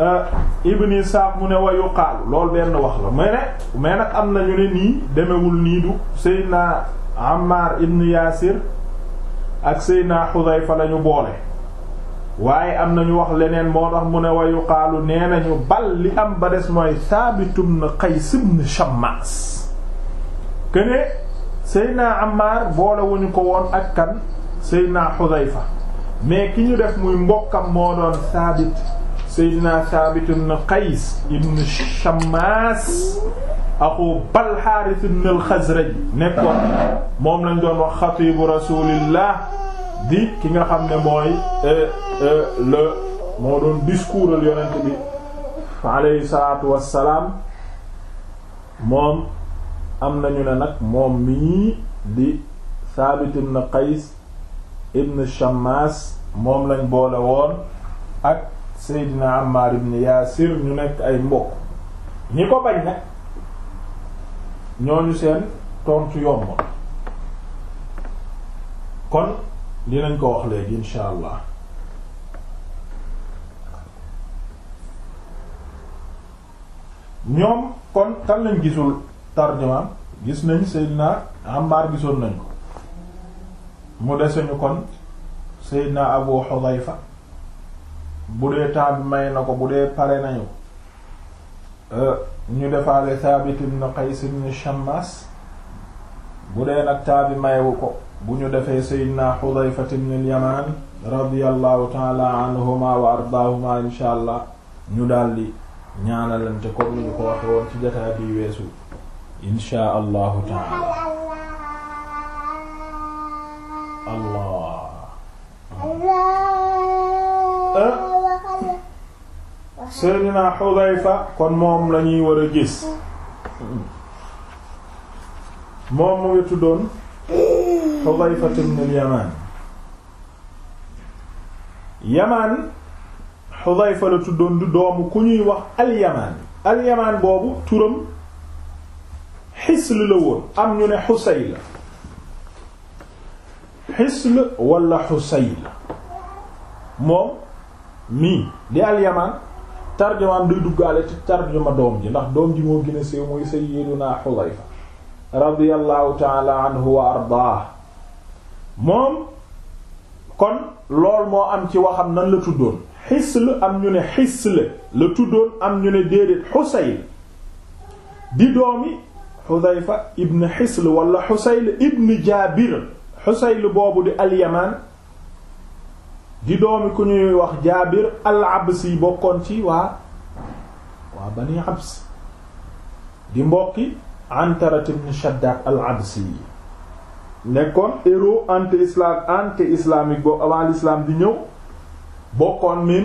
Euh, ibn Isaaq mu ne wayu yuqaalu loolu benn wax la mais ne mais nag am na ñu ne nii demewul nii du Seydina Ammar Ibn Yaasir ak Seydina Xudayfa la ñu boole waaye am na ñu wax leneen moo tax mu ne wa yuqaalu nee nañu bal li am ba des mooy Saabit ibn Qays ibn Shammaas kene Seydina Ammar boole ko woon ak kan Seydina Xudayfa mais ki ñu def muy mbokkam moo doon Saabit seydina Thabit ibn Qays ibn Shammas axu Bal Haaris ibn al-Khazraj nekkoon moom lañ doon wax xatibu rasulillah di ki nga xam ne mooy eh, eh, le moo doon discours al yonent bi alayhi salaatu wassalaam moom am nañu ne nag moom mii di Thabit ibn Qays ibn Shammas moom lañ boole woon ak Seydina Ammar ibn Yaasir ñu nekk ay mbokk ñi ko bañ nag ñooñu seen tontu yomb kon dinañ ko wax léegi insha allah ñoom kon kan lañ gisul tarjumaam gis nañ Seydina Ammar gisoon nañ ko mu deseñu kon Seydina Abu Hudhayfa bu dee temps may na ko bu dee pare nañu euh, ñu defaale Thabit ibn Qays ibn Shammas bu dee nag temps bi mayewu ko bu ñu defee Seydina Hudhayfa ibn al-Yaman radiyallahu ta'ala anhuma wa ardaahuma insha allah ñu daldi ñaanalante comme ni ñu ko woon ci jotaay bi weesu insha allahu ta'ala allah euh? seydina Xudayfa kon moom lañuy war a gis moom mu ngi tuddoon Xudayfa ibn al-Yamaan Yamaan Xudayfa la tuddoon du doomu ku ñuy wax al-Yamaan boobu turam xisl la woon am ñu ne xusay xisl wala xusay moom mii di al tarjumaan duy duggaale ci doom ji ndax doom ji moo gën a siiw muy sayyiduna Xudayfa radiyallahu wa ardaah moom kon lool moo am ci waxam nan la tuddoon xisl am ñu ne xisl la tuddoon am ñu ne déedéet Xusayl di doomi Xudayfa ibn xisl wala Xusayl ibn Jaabir Xusayl boobu di alyamaan di doomi ku ñuy wax jaabir al absi bokkoon ci waa waa bani abs di mbokki antarat ibn shaddad al absi nekkoon héros anti islam anti islamique boobu avant l'islam di ñëw bokkoon min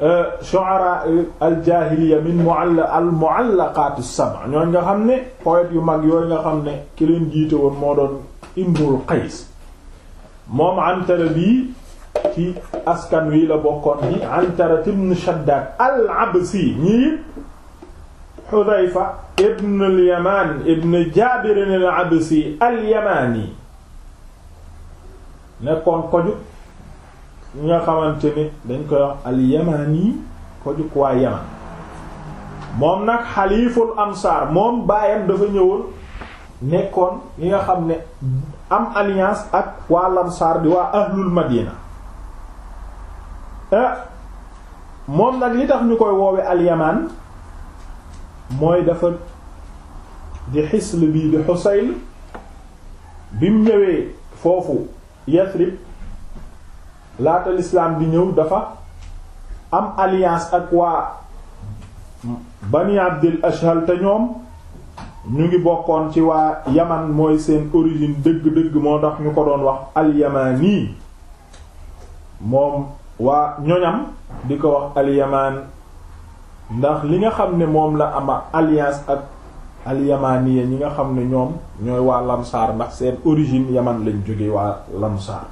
euh, shu'ara al jahiliya min mu'alla al mu'allaqat as-sab' ñooñ nga xam ne poète yu mag yooyu nga xam ne ki leen jiite woon moo doon imrul qais moom antara bii ci askan wi la bokkoon ni Antara ibn Shaddad al-Absi ñii Hudhayfa ibn al-Yaman ibn Jabir al-Absi al-Yamani nekkoon koju ñi nga xamante ni dañ koy wax al-Yamani kojuk waa Yaman moom nag xaliful ansaar moom baayam dafa ñëwul nekkoon ñi nga xam ne am alliance ak waa lansaar di waa ahlul Madina Eh, moom nag li tax ñu koy woowe alyamaan mooy dafa di xisl bii di xusayl bi mu ñëwee foofu yasrib laata lislaam di ñëw dafa am alliance ak waa bani abdil te ñoom ñu ngi bokkoon ci waa yaman mooy seen origine dëgg-dëgg moo tax ñu ko doon wax alyamaani moom waa ñoñam di ko wax alyamaan ndax li nga xam ne moom la ama alliance ak alyamaniya ñi nga xam ne ñoom ñooy waa lamsaar ndax seen origine yaman lañ jóge waa lamsaar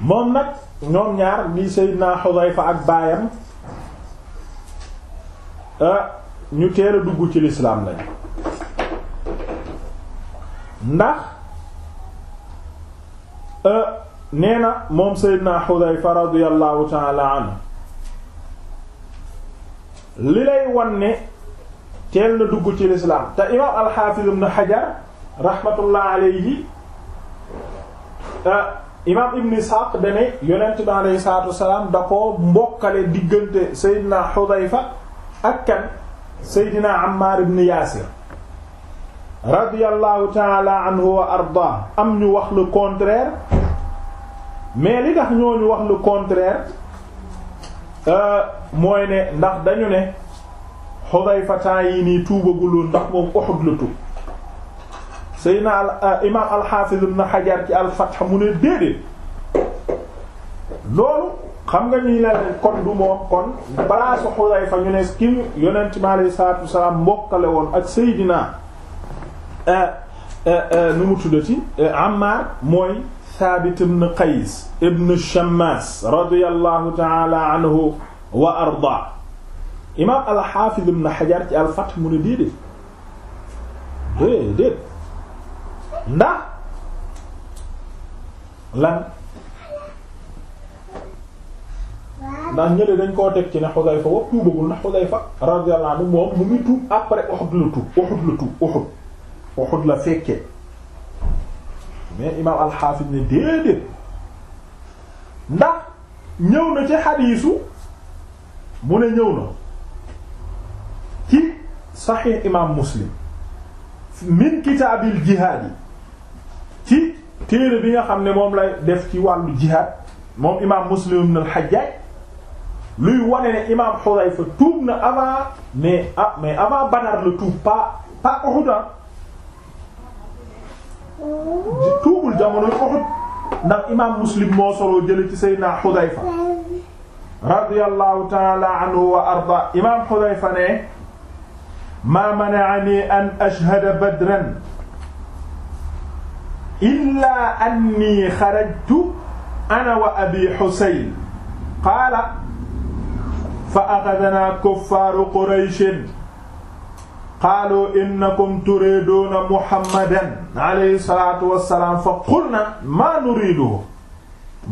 moom nag ñoom ñaar bi Seydina Xudayfa ak baayam ah, ñu teel dugg ci lislaam lañ ndax ah, nee na moom Seydina Xudayfa radiyallahu taala anhu li lay wan ne teel na dugg ci lislaam te imaam alxaafiz ibn Hajar rahmatullah alayhi ah, imaam ibn Isxaaq dane yonent bi alayhi salaatu wasalaam da ko mbokkale diggante Seydina Xudayfa ak kan Seydina Ammaar ibn Yaasir radiyallahu taala anhu wa ardaa am ñu wax le contraire mais li tax ñooñu wax le contraire euh, mooy ne ndax dañu ne Xudayfa temps yi nii tuubaguloon ndax moom Uhud la Seydina euh, imaam al-Hafiz ibn Hajar ci al mu ne déedéet loolu xam nga ñuy leen kon du moom kon balaa su Xudayfa ñu ne kim yonent mi alayhi salaam mbokkale woon ak Seydina euh, nu mu tuddati Ammar mooy. Thabit ibn Qays ibn Shammas radiyallahu ta'ala anhu wa arda imaam al-Hafiz ibn Hajar al-Fath mu ne déedéet déedéet ndax lan ndax ñële dañ koo teg ci ne Xudayfa wax tuubagul ndax Xudayfa radiyallahu anhu moom mu ngi tuub après Uhud la tuub Uhud la tuub Uhud Uhud la fekkee mais imaam alxaafis ne déedéet ndax ñëw na ci xadiisu mu ne ñëw na ci saxiix imaam muslim min kitaabil jihaad yi ci téere bi nga xam ne moom lay def ci wàllu jihaad moom imaam muslim ibn al-Hajjaj luy wane ne imaam Hudayfa tuub na avant mais ah mais avant Badar la tuub pas pas Uhud tuubul jamonoy Uhud ndax imaam Muslim moo solo jële ci Seydina Xudayfa radiyallahu ta'ala anhu wa arda imaam Xudayfa ne maa mana'ani an ashhada badran illaa anni xarajtu ana wa abi Xusayn qaala fa axadanaa kuffaaru Qurayshin qaalu innakum turiduuna muhammadan alayhi salaatu wassalaam fa qulna maa nuriiduhu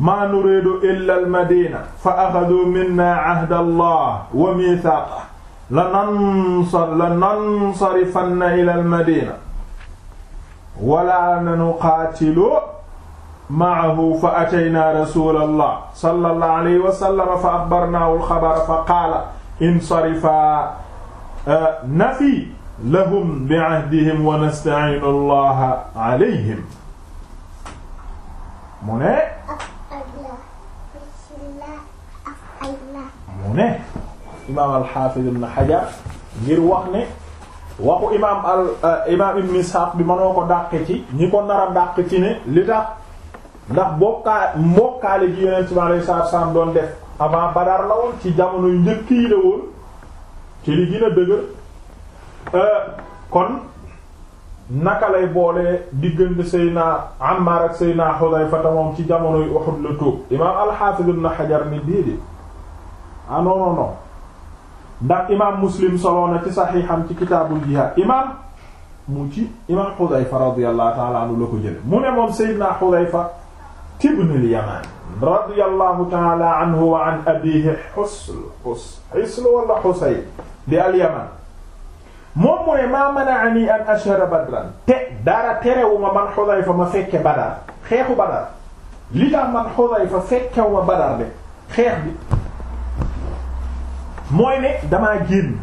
maa nuriidu illa almadina fa axaduu minna ahda allah wa mithaaqah lanansar lanansarifanna ila almadina wala nanuqaatilu maahu fa ataynaa rasula allah sallallahu alayhi wa sallam fa axbarnaahu alxabara fa qaala insarifaa eh, nafi lahum bi ahdihim wa nasta'inu allaha alayhim mu ne mu ne imaam alxaafiz ibn xajar ngir wax ne waxu imaam al euh, imaam ibn isxaaq bi mënoo ko dàq ci ñi ko nar a dàq ci ne li tax ndax bokkaa mbokkaale gi yonent bi alayhi salaatu salaam doon def avant Badar la woon ci jamono yu njëkk yi la woon ci li gën a dëgër Euh, kon naka lay boolee diggante Seyna Ammar ak Seyna Hudayfa te moom ci jamonoy Uhud la tuub imaam al-Hafiz ibn Hajar ni déedéet ah non non non ndax imaam Muslim soloo na ci saxiixam ci kitaabul jihaad imaam mu ci imaam Hudayfa radiyallahu ta'ala anhu la ko jële mu ne moom Seyna Hudayfa ibn al-Yaman radiyallahu ta'ala anhu wa an abiihi Hisl Hisl wala Husayn bi al-Yaman moom mu ne maa manaani an ashhada badran te dara terewuma man Xudayfa ma fekke Badar xeexu Badar li tax man Xudayfa fekkewuma Badar de xeex bi mooy ne damaa génn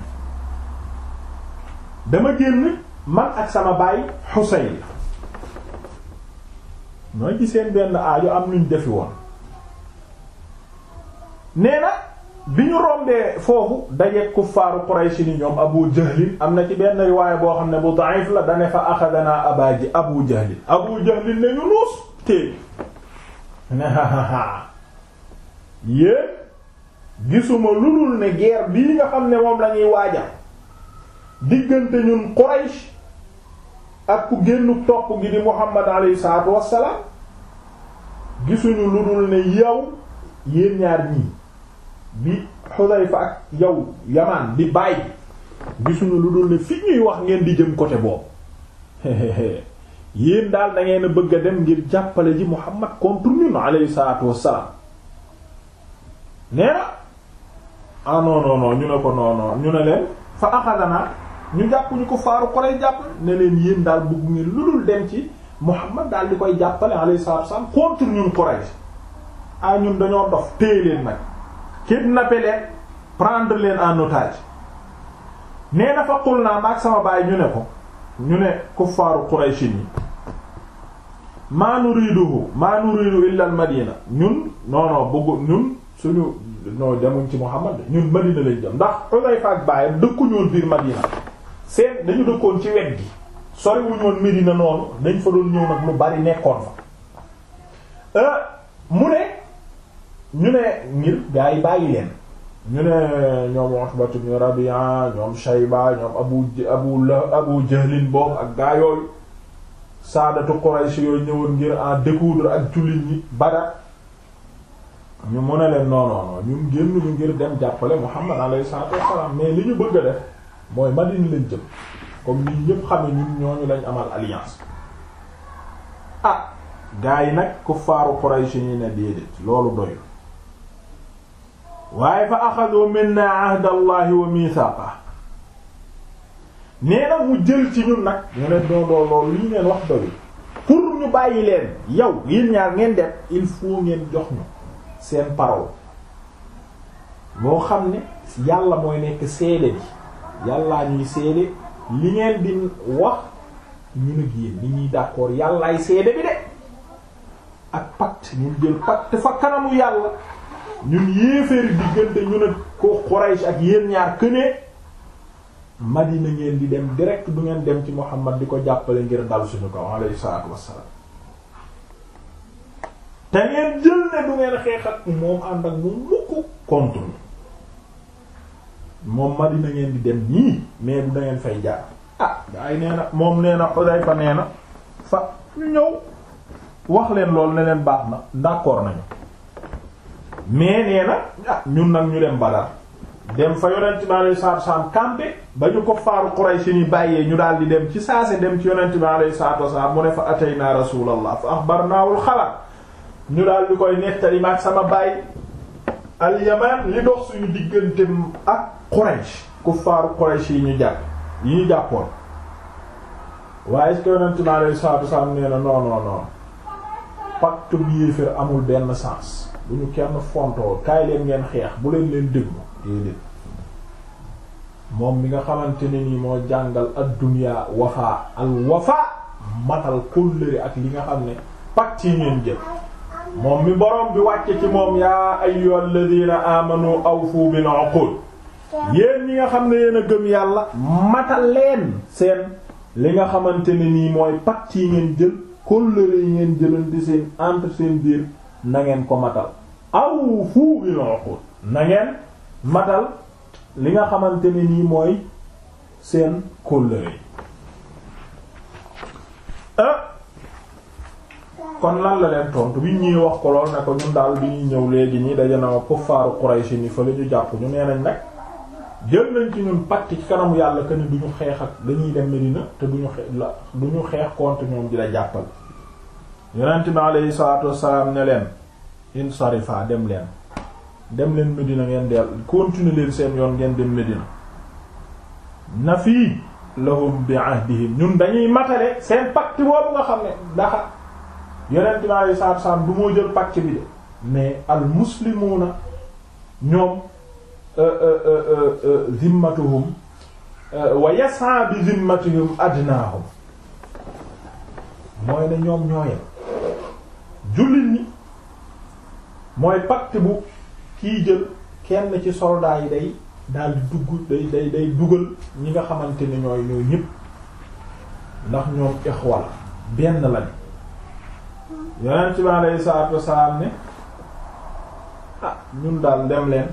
dama génn man ak sama baay Xusayl nooy ci seen benn aajo am nuñ defi woon nee na bi ñu rombee foofu dajeek kuffaaru Quraysh ni ñoom Abu Jahlin am na ci benn riwaaya boo xam ne bu da'if la dane fa axadanaa abaa ji Abu Jahlin Abu Jahlin ne ñu nuus téeg ne yéen gisuma lulul ne guerre bii nga xam ne moom lañuy waaja waajal diggante ñun Quraysh ak ku génnu topp gi di Muhammad alayhi salaatu wassalaam gisuñu lulul ne yow yéen ñaar ñii bi Xudayfa ak yow yamaan bi bàyyi gisuñu lu dul ne fi ñuy wax ngeen di jëm côté boobu [LAUGHS] yéen daal da a bëgg a dem ngir jàppale ji Muhammad contre ñun alayhi salaatu wassalaam nee na ah non non ñu ne ko non ñu ne leen fa axadana ñu jàpp ko faaru ko jàpp ne leen yéen daal bëgg ngeen lu dul dem ci Muhammad daal di koy jàppale alayhi salaatu wassalaam contre ñun Quraysh ah ñun dañoo dof téye leen nag. kidnapper leen prendre leen en otage nee na fa xul naa maag sama baay ñu ne ko ñu ne kuffaaru Quraysh yi maa nuriduhu maa nuridu illa al madina ñun non non ñun suñu non demuñ ci Muhammad ñun madina lañ dem ndax Hudayfa ak baayam dëkkuñoon biir madina seet dañu dëkkoon ci wet gi soriwuñoon madina noonu dañ fa doon ñëw nag lu bari nekkoon fa euh, mu ne ñu ne ngir gaa yi bàyyi leen ñu ne ñoom Utbatu ibn Rabi'a ñoom Shayba ñoom Abu Abu Abu Jahlin boobu ak gaa yooyu saadatu Quraysh yooyu ñëwoon ngir en ak jullit ñi Badar ñu mën a leen non non non ñun génn ñu ngir dem jàppale Muhammad alayhi salaatu wassalaam mais li ñu bëgg def mooy Madina lañ jëm comme ni ñëpp xam ne ñoo ñooñu lañ amal alliance ah gaa yi nag ku faaru Quraysh ñi ne déedéet loolu doyul. waaye fa axadu minna ahda allahi wa mithaqa nee na mu jël ci ñun nag ñu leen doon loolu li ñu leen wax doyu pour ñu bàyyi leen yow yéen ñaar ngeen def il faut ngeen jox ñu seen parole moo xam ne yàlla mooy nekk seede bi yàllaa ñuy seede li ngeen di wax ñun ak yéen li ñuy d'accord yàllaay seede bi de ak pacte ñu jël pacte fa kanamu yàlla ñun yéeféeri diggante ñu ne ko Quraysh ak yéen ñaar kënee Madina ngeen di dem direct du ngeen dem ci Muhammad di ko jàppale ngir dal suñu ko alayhi salaatu wassalaam te ngeen jël ne du ngeen xeex ak moom ànd ak moom mukk contre moom Madina ngeen di dem nii mais du dangeen fay jaar ah gaa yi nee na moom nee na Xudayfa nee na fa ñu ñëw wax leen loolu ne baax na d'accord nañu mais nee na ah ñun nag ñu dem Badar dem fa yonent bi alayhi salaatu ba ñu ko faaru Quraysh ni bàyyee ñu daal di dem ci saase dem ci yonent bi alayhi salaatu wasalaam mu ne fa ataynaa rasuulallah fa axbarnaawul xalaat ñu daal di koy nettali maag sama baay alyamaan li dox suñu diggante ak Quraysh kuffaaru Quraysh yi ñu jàpp yi ñu jàppoon waaye est-ce que yonent bi nee na non non non pacte amul benn sens bu ñu kenn fontoo kaay leen ngeen xeex bu leen leen déglu moom mi nga xamante ne nii moo jàngal ad-dunya wafa al wafa matal kóllëre ak li nga xam ne pacte yi ngeen jël moom mi borom bi wàcce ci moom yaa yoon ladina amanu awfu bil uqud yéen ñi nga xam ne yéen a gëm yàlla matal leen seen li nga xamante ni nii mooy pacte yi ngeen jël kóllëre yi ngeen jëlante seen entre seen biir nangeen ko matal aw fuu bil uqud na ngeen matal li nga xamante ne nii mooy seen kóllëre ah! kon lan la leen tontu bi ñuy wax ko lool ne ko ñun daal bi ñuy ñëw léegi ñi daje na ma kuffaaru Quraysh ni fa la ñu jàpp ñu nee nañ nag jël nañ ci ñun pàcc ci kanamu yàlla que ni du ñu xeex ak dañuy dem Medina te du ñu xeex la du ñu xeex contre ñoom di la jàppal. yonent bi aleyhi salaatu wassalaam ne leen insarifa dem leen dem leen Medina ngeen deel continuer leen seen yoon ngeen dem Medina na fii lahum bi ahdihim ñun dañuy matale seen pacte boobu nga xam ne ndax yonent bi aleyhi salaatu wassalaam du moo jël pacte bi de mais al muslimuuna ñoom euh, euh, euh, zimmatuhum wa yas'a bi zimmatihim adnaahum mooy ne ñoom ñooyem jullit ñi mooy pacte bu kii jël kenn ci soldat yi day daal di dugg day day day ñi nga xamante ni ñooy ñooy ñëpp ndax ñoom ixwa benn lañ yonent bi alayhi salaatu wasalaam ne ah ñun daal dem leen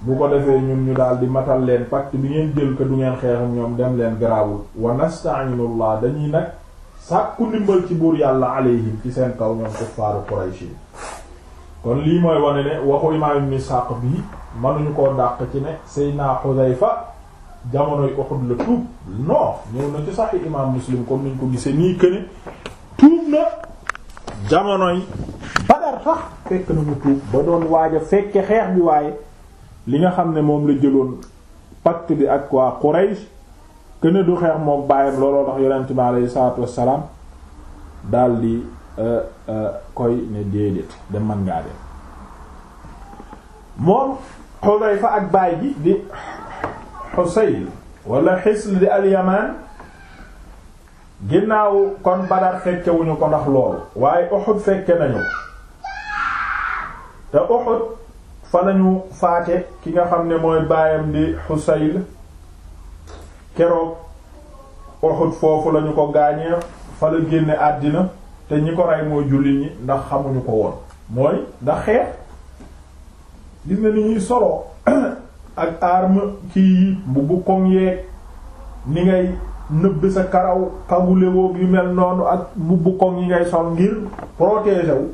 bu ko defee ñun ñu daal di matal leen pacte bi ngeen jël ko du ngeen xeexam ñoom dem leen garaawul wa nasta'inullah dañuy nag sàkku ndimbal ci buur yàlla alayhim ci seen kaw ñoom kuffaaru Quraysh kon lii mooy wane ne waxu imaam Ibn Isaaq bi mënuñu koo dàq ci ne Seydina Xudayfa jamonoy Uhud la tuub non ñëw na ci saxi imaam Muslim comme niñ ko gisee nii que ne tuub na jamonoy Badar sax fekk na mu tuub ba doon waaj a fekke xeex bi waaye li nga xam ne moom la jëloon pacte bi ak waa Quraysh këne du xeex moom bàyyam looloo tax yonent bi aleyhi salaatu wassalaam daal di euh, euh, koy ne déedéet de man ngaa dem moom Xudayfa ak baay ji di Xusayl wala Xisl di Alyamaan ginnaaw kon Badar fekke wuñu ko ndax loolu waaye Uhud fekke nañu te Uhud fa lañu faate ki nga xam ne mooy baayam di Xusayl keroog Uhud foofu lañu ko gaañee fa la génne àddina te ñi ko rey mooy jullit ñi ndax xamuñu ko woon mooy ndax xeex gis nga ni ñuy solo [COUGHS] ak arme kii bu koŋ yeeg ni ngay nëbb sa karaw kagulewoog yu mel noonu ak bu koŋ yi ngay sol ngir protéger wu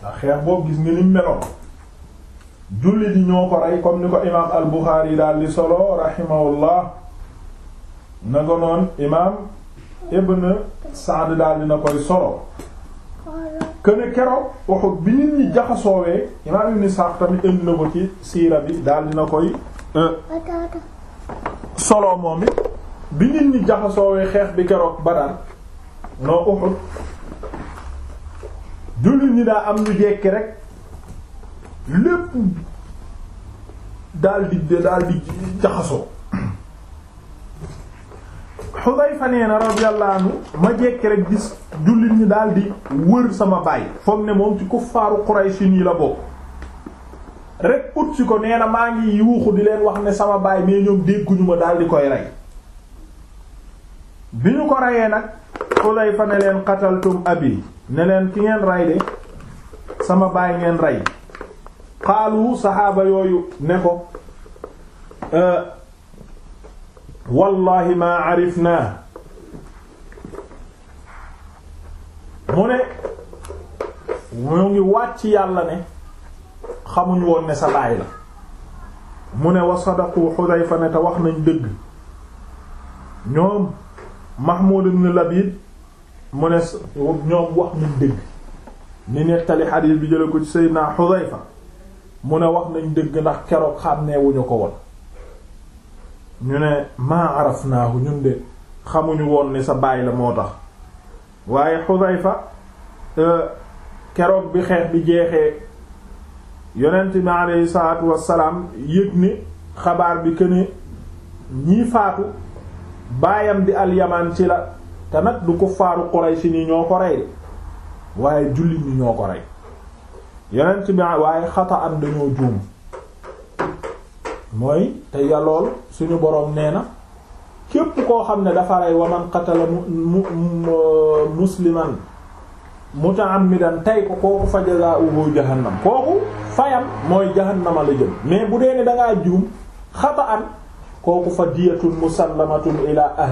ndax xeex boobu gis nga ni meloon jullit yi ñoo ko rey comme ni ko imaam al-Bukhari daal di solo rahimahullah na ko noon imaam ibn Saad daal dina koy solo këne keroog Uhud bi nit ñi jaxasoowee imaam ibn Saad tamit indi na ko ci siira bi daal dina koy euh, solo moom it bi nit ñi jaxasoowee xeex bi keroog Badar noo Uhud jullit ñi daa am ñu jekki rek lépp daal di daal di jaxasoo Xudayfa nee na radiyallahu ma jekki rek jullit ñi daal wër sama baay foog ne moom ci kuffaaru Qurayshi nii la bokk rek ut si ko nee na maa ngi yuuxu di leen wax ne sama baay mais ñoom dégguñu ma daal koy rey bi ñu ko reyee nag Xudayfa ne leen qataltum abi ne leen ki ngeen rey de sama baay ngeen rey xaalu saxaaba yooyu ne ko euh, wallahi ma arifna mu ne mu ngi wàcc yàlla ne xamuñ woon ne sa baay la mu ne wa sadaqu Xudayfa ne te wax nañ dëgg ñoom Mahmoud ibn Labid mu ne ñoom wax nañ dëgg ni nettali xadiis bi jële ko ci Seydina mu ne wax nañ dëgg ndax keroog xàmmeewuñu ko woon ñu ne maa arafnaahu ñun de xamuñu woon ni sa baay la moo tax waaye fa euh, keroog bi xeex bi jeexee yonent bi aleyhi salaatu wassalaam yëg ni xabaar bi këne ñii faatu baayam di alyamaan ci la te nag du ko faaru Quraysh ni ñoo ko rey waaye jullit ñi ñoo ko rey yonent bi waaye xata an dañoo juum mooy te ya suñu boroom nee na képp koo xam ne dafa rey waman qatala mu musliman mutaammidan tey ko kooku fa jazaa'uhu jahannam kooku fayam mooy jahannama la jëm mais bu dee ne dangaa juum xata kooku fa diyatun musallamatun ila ahli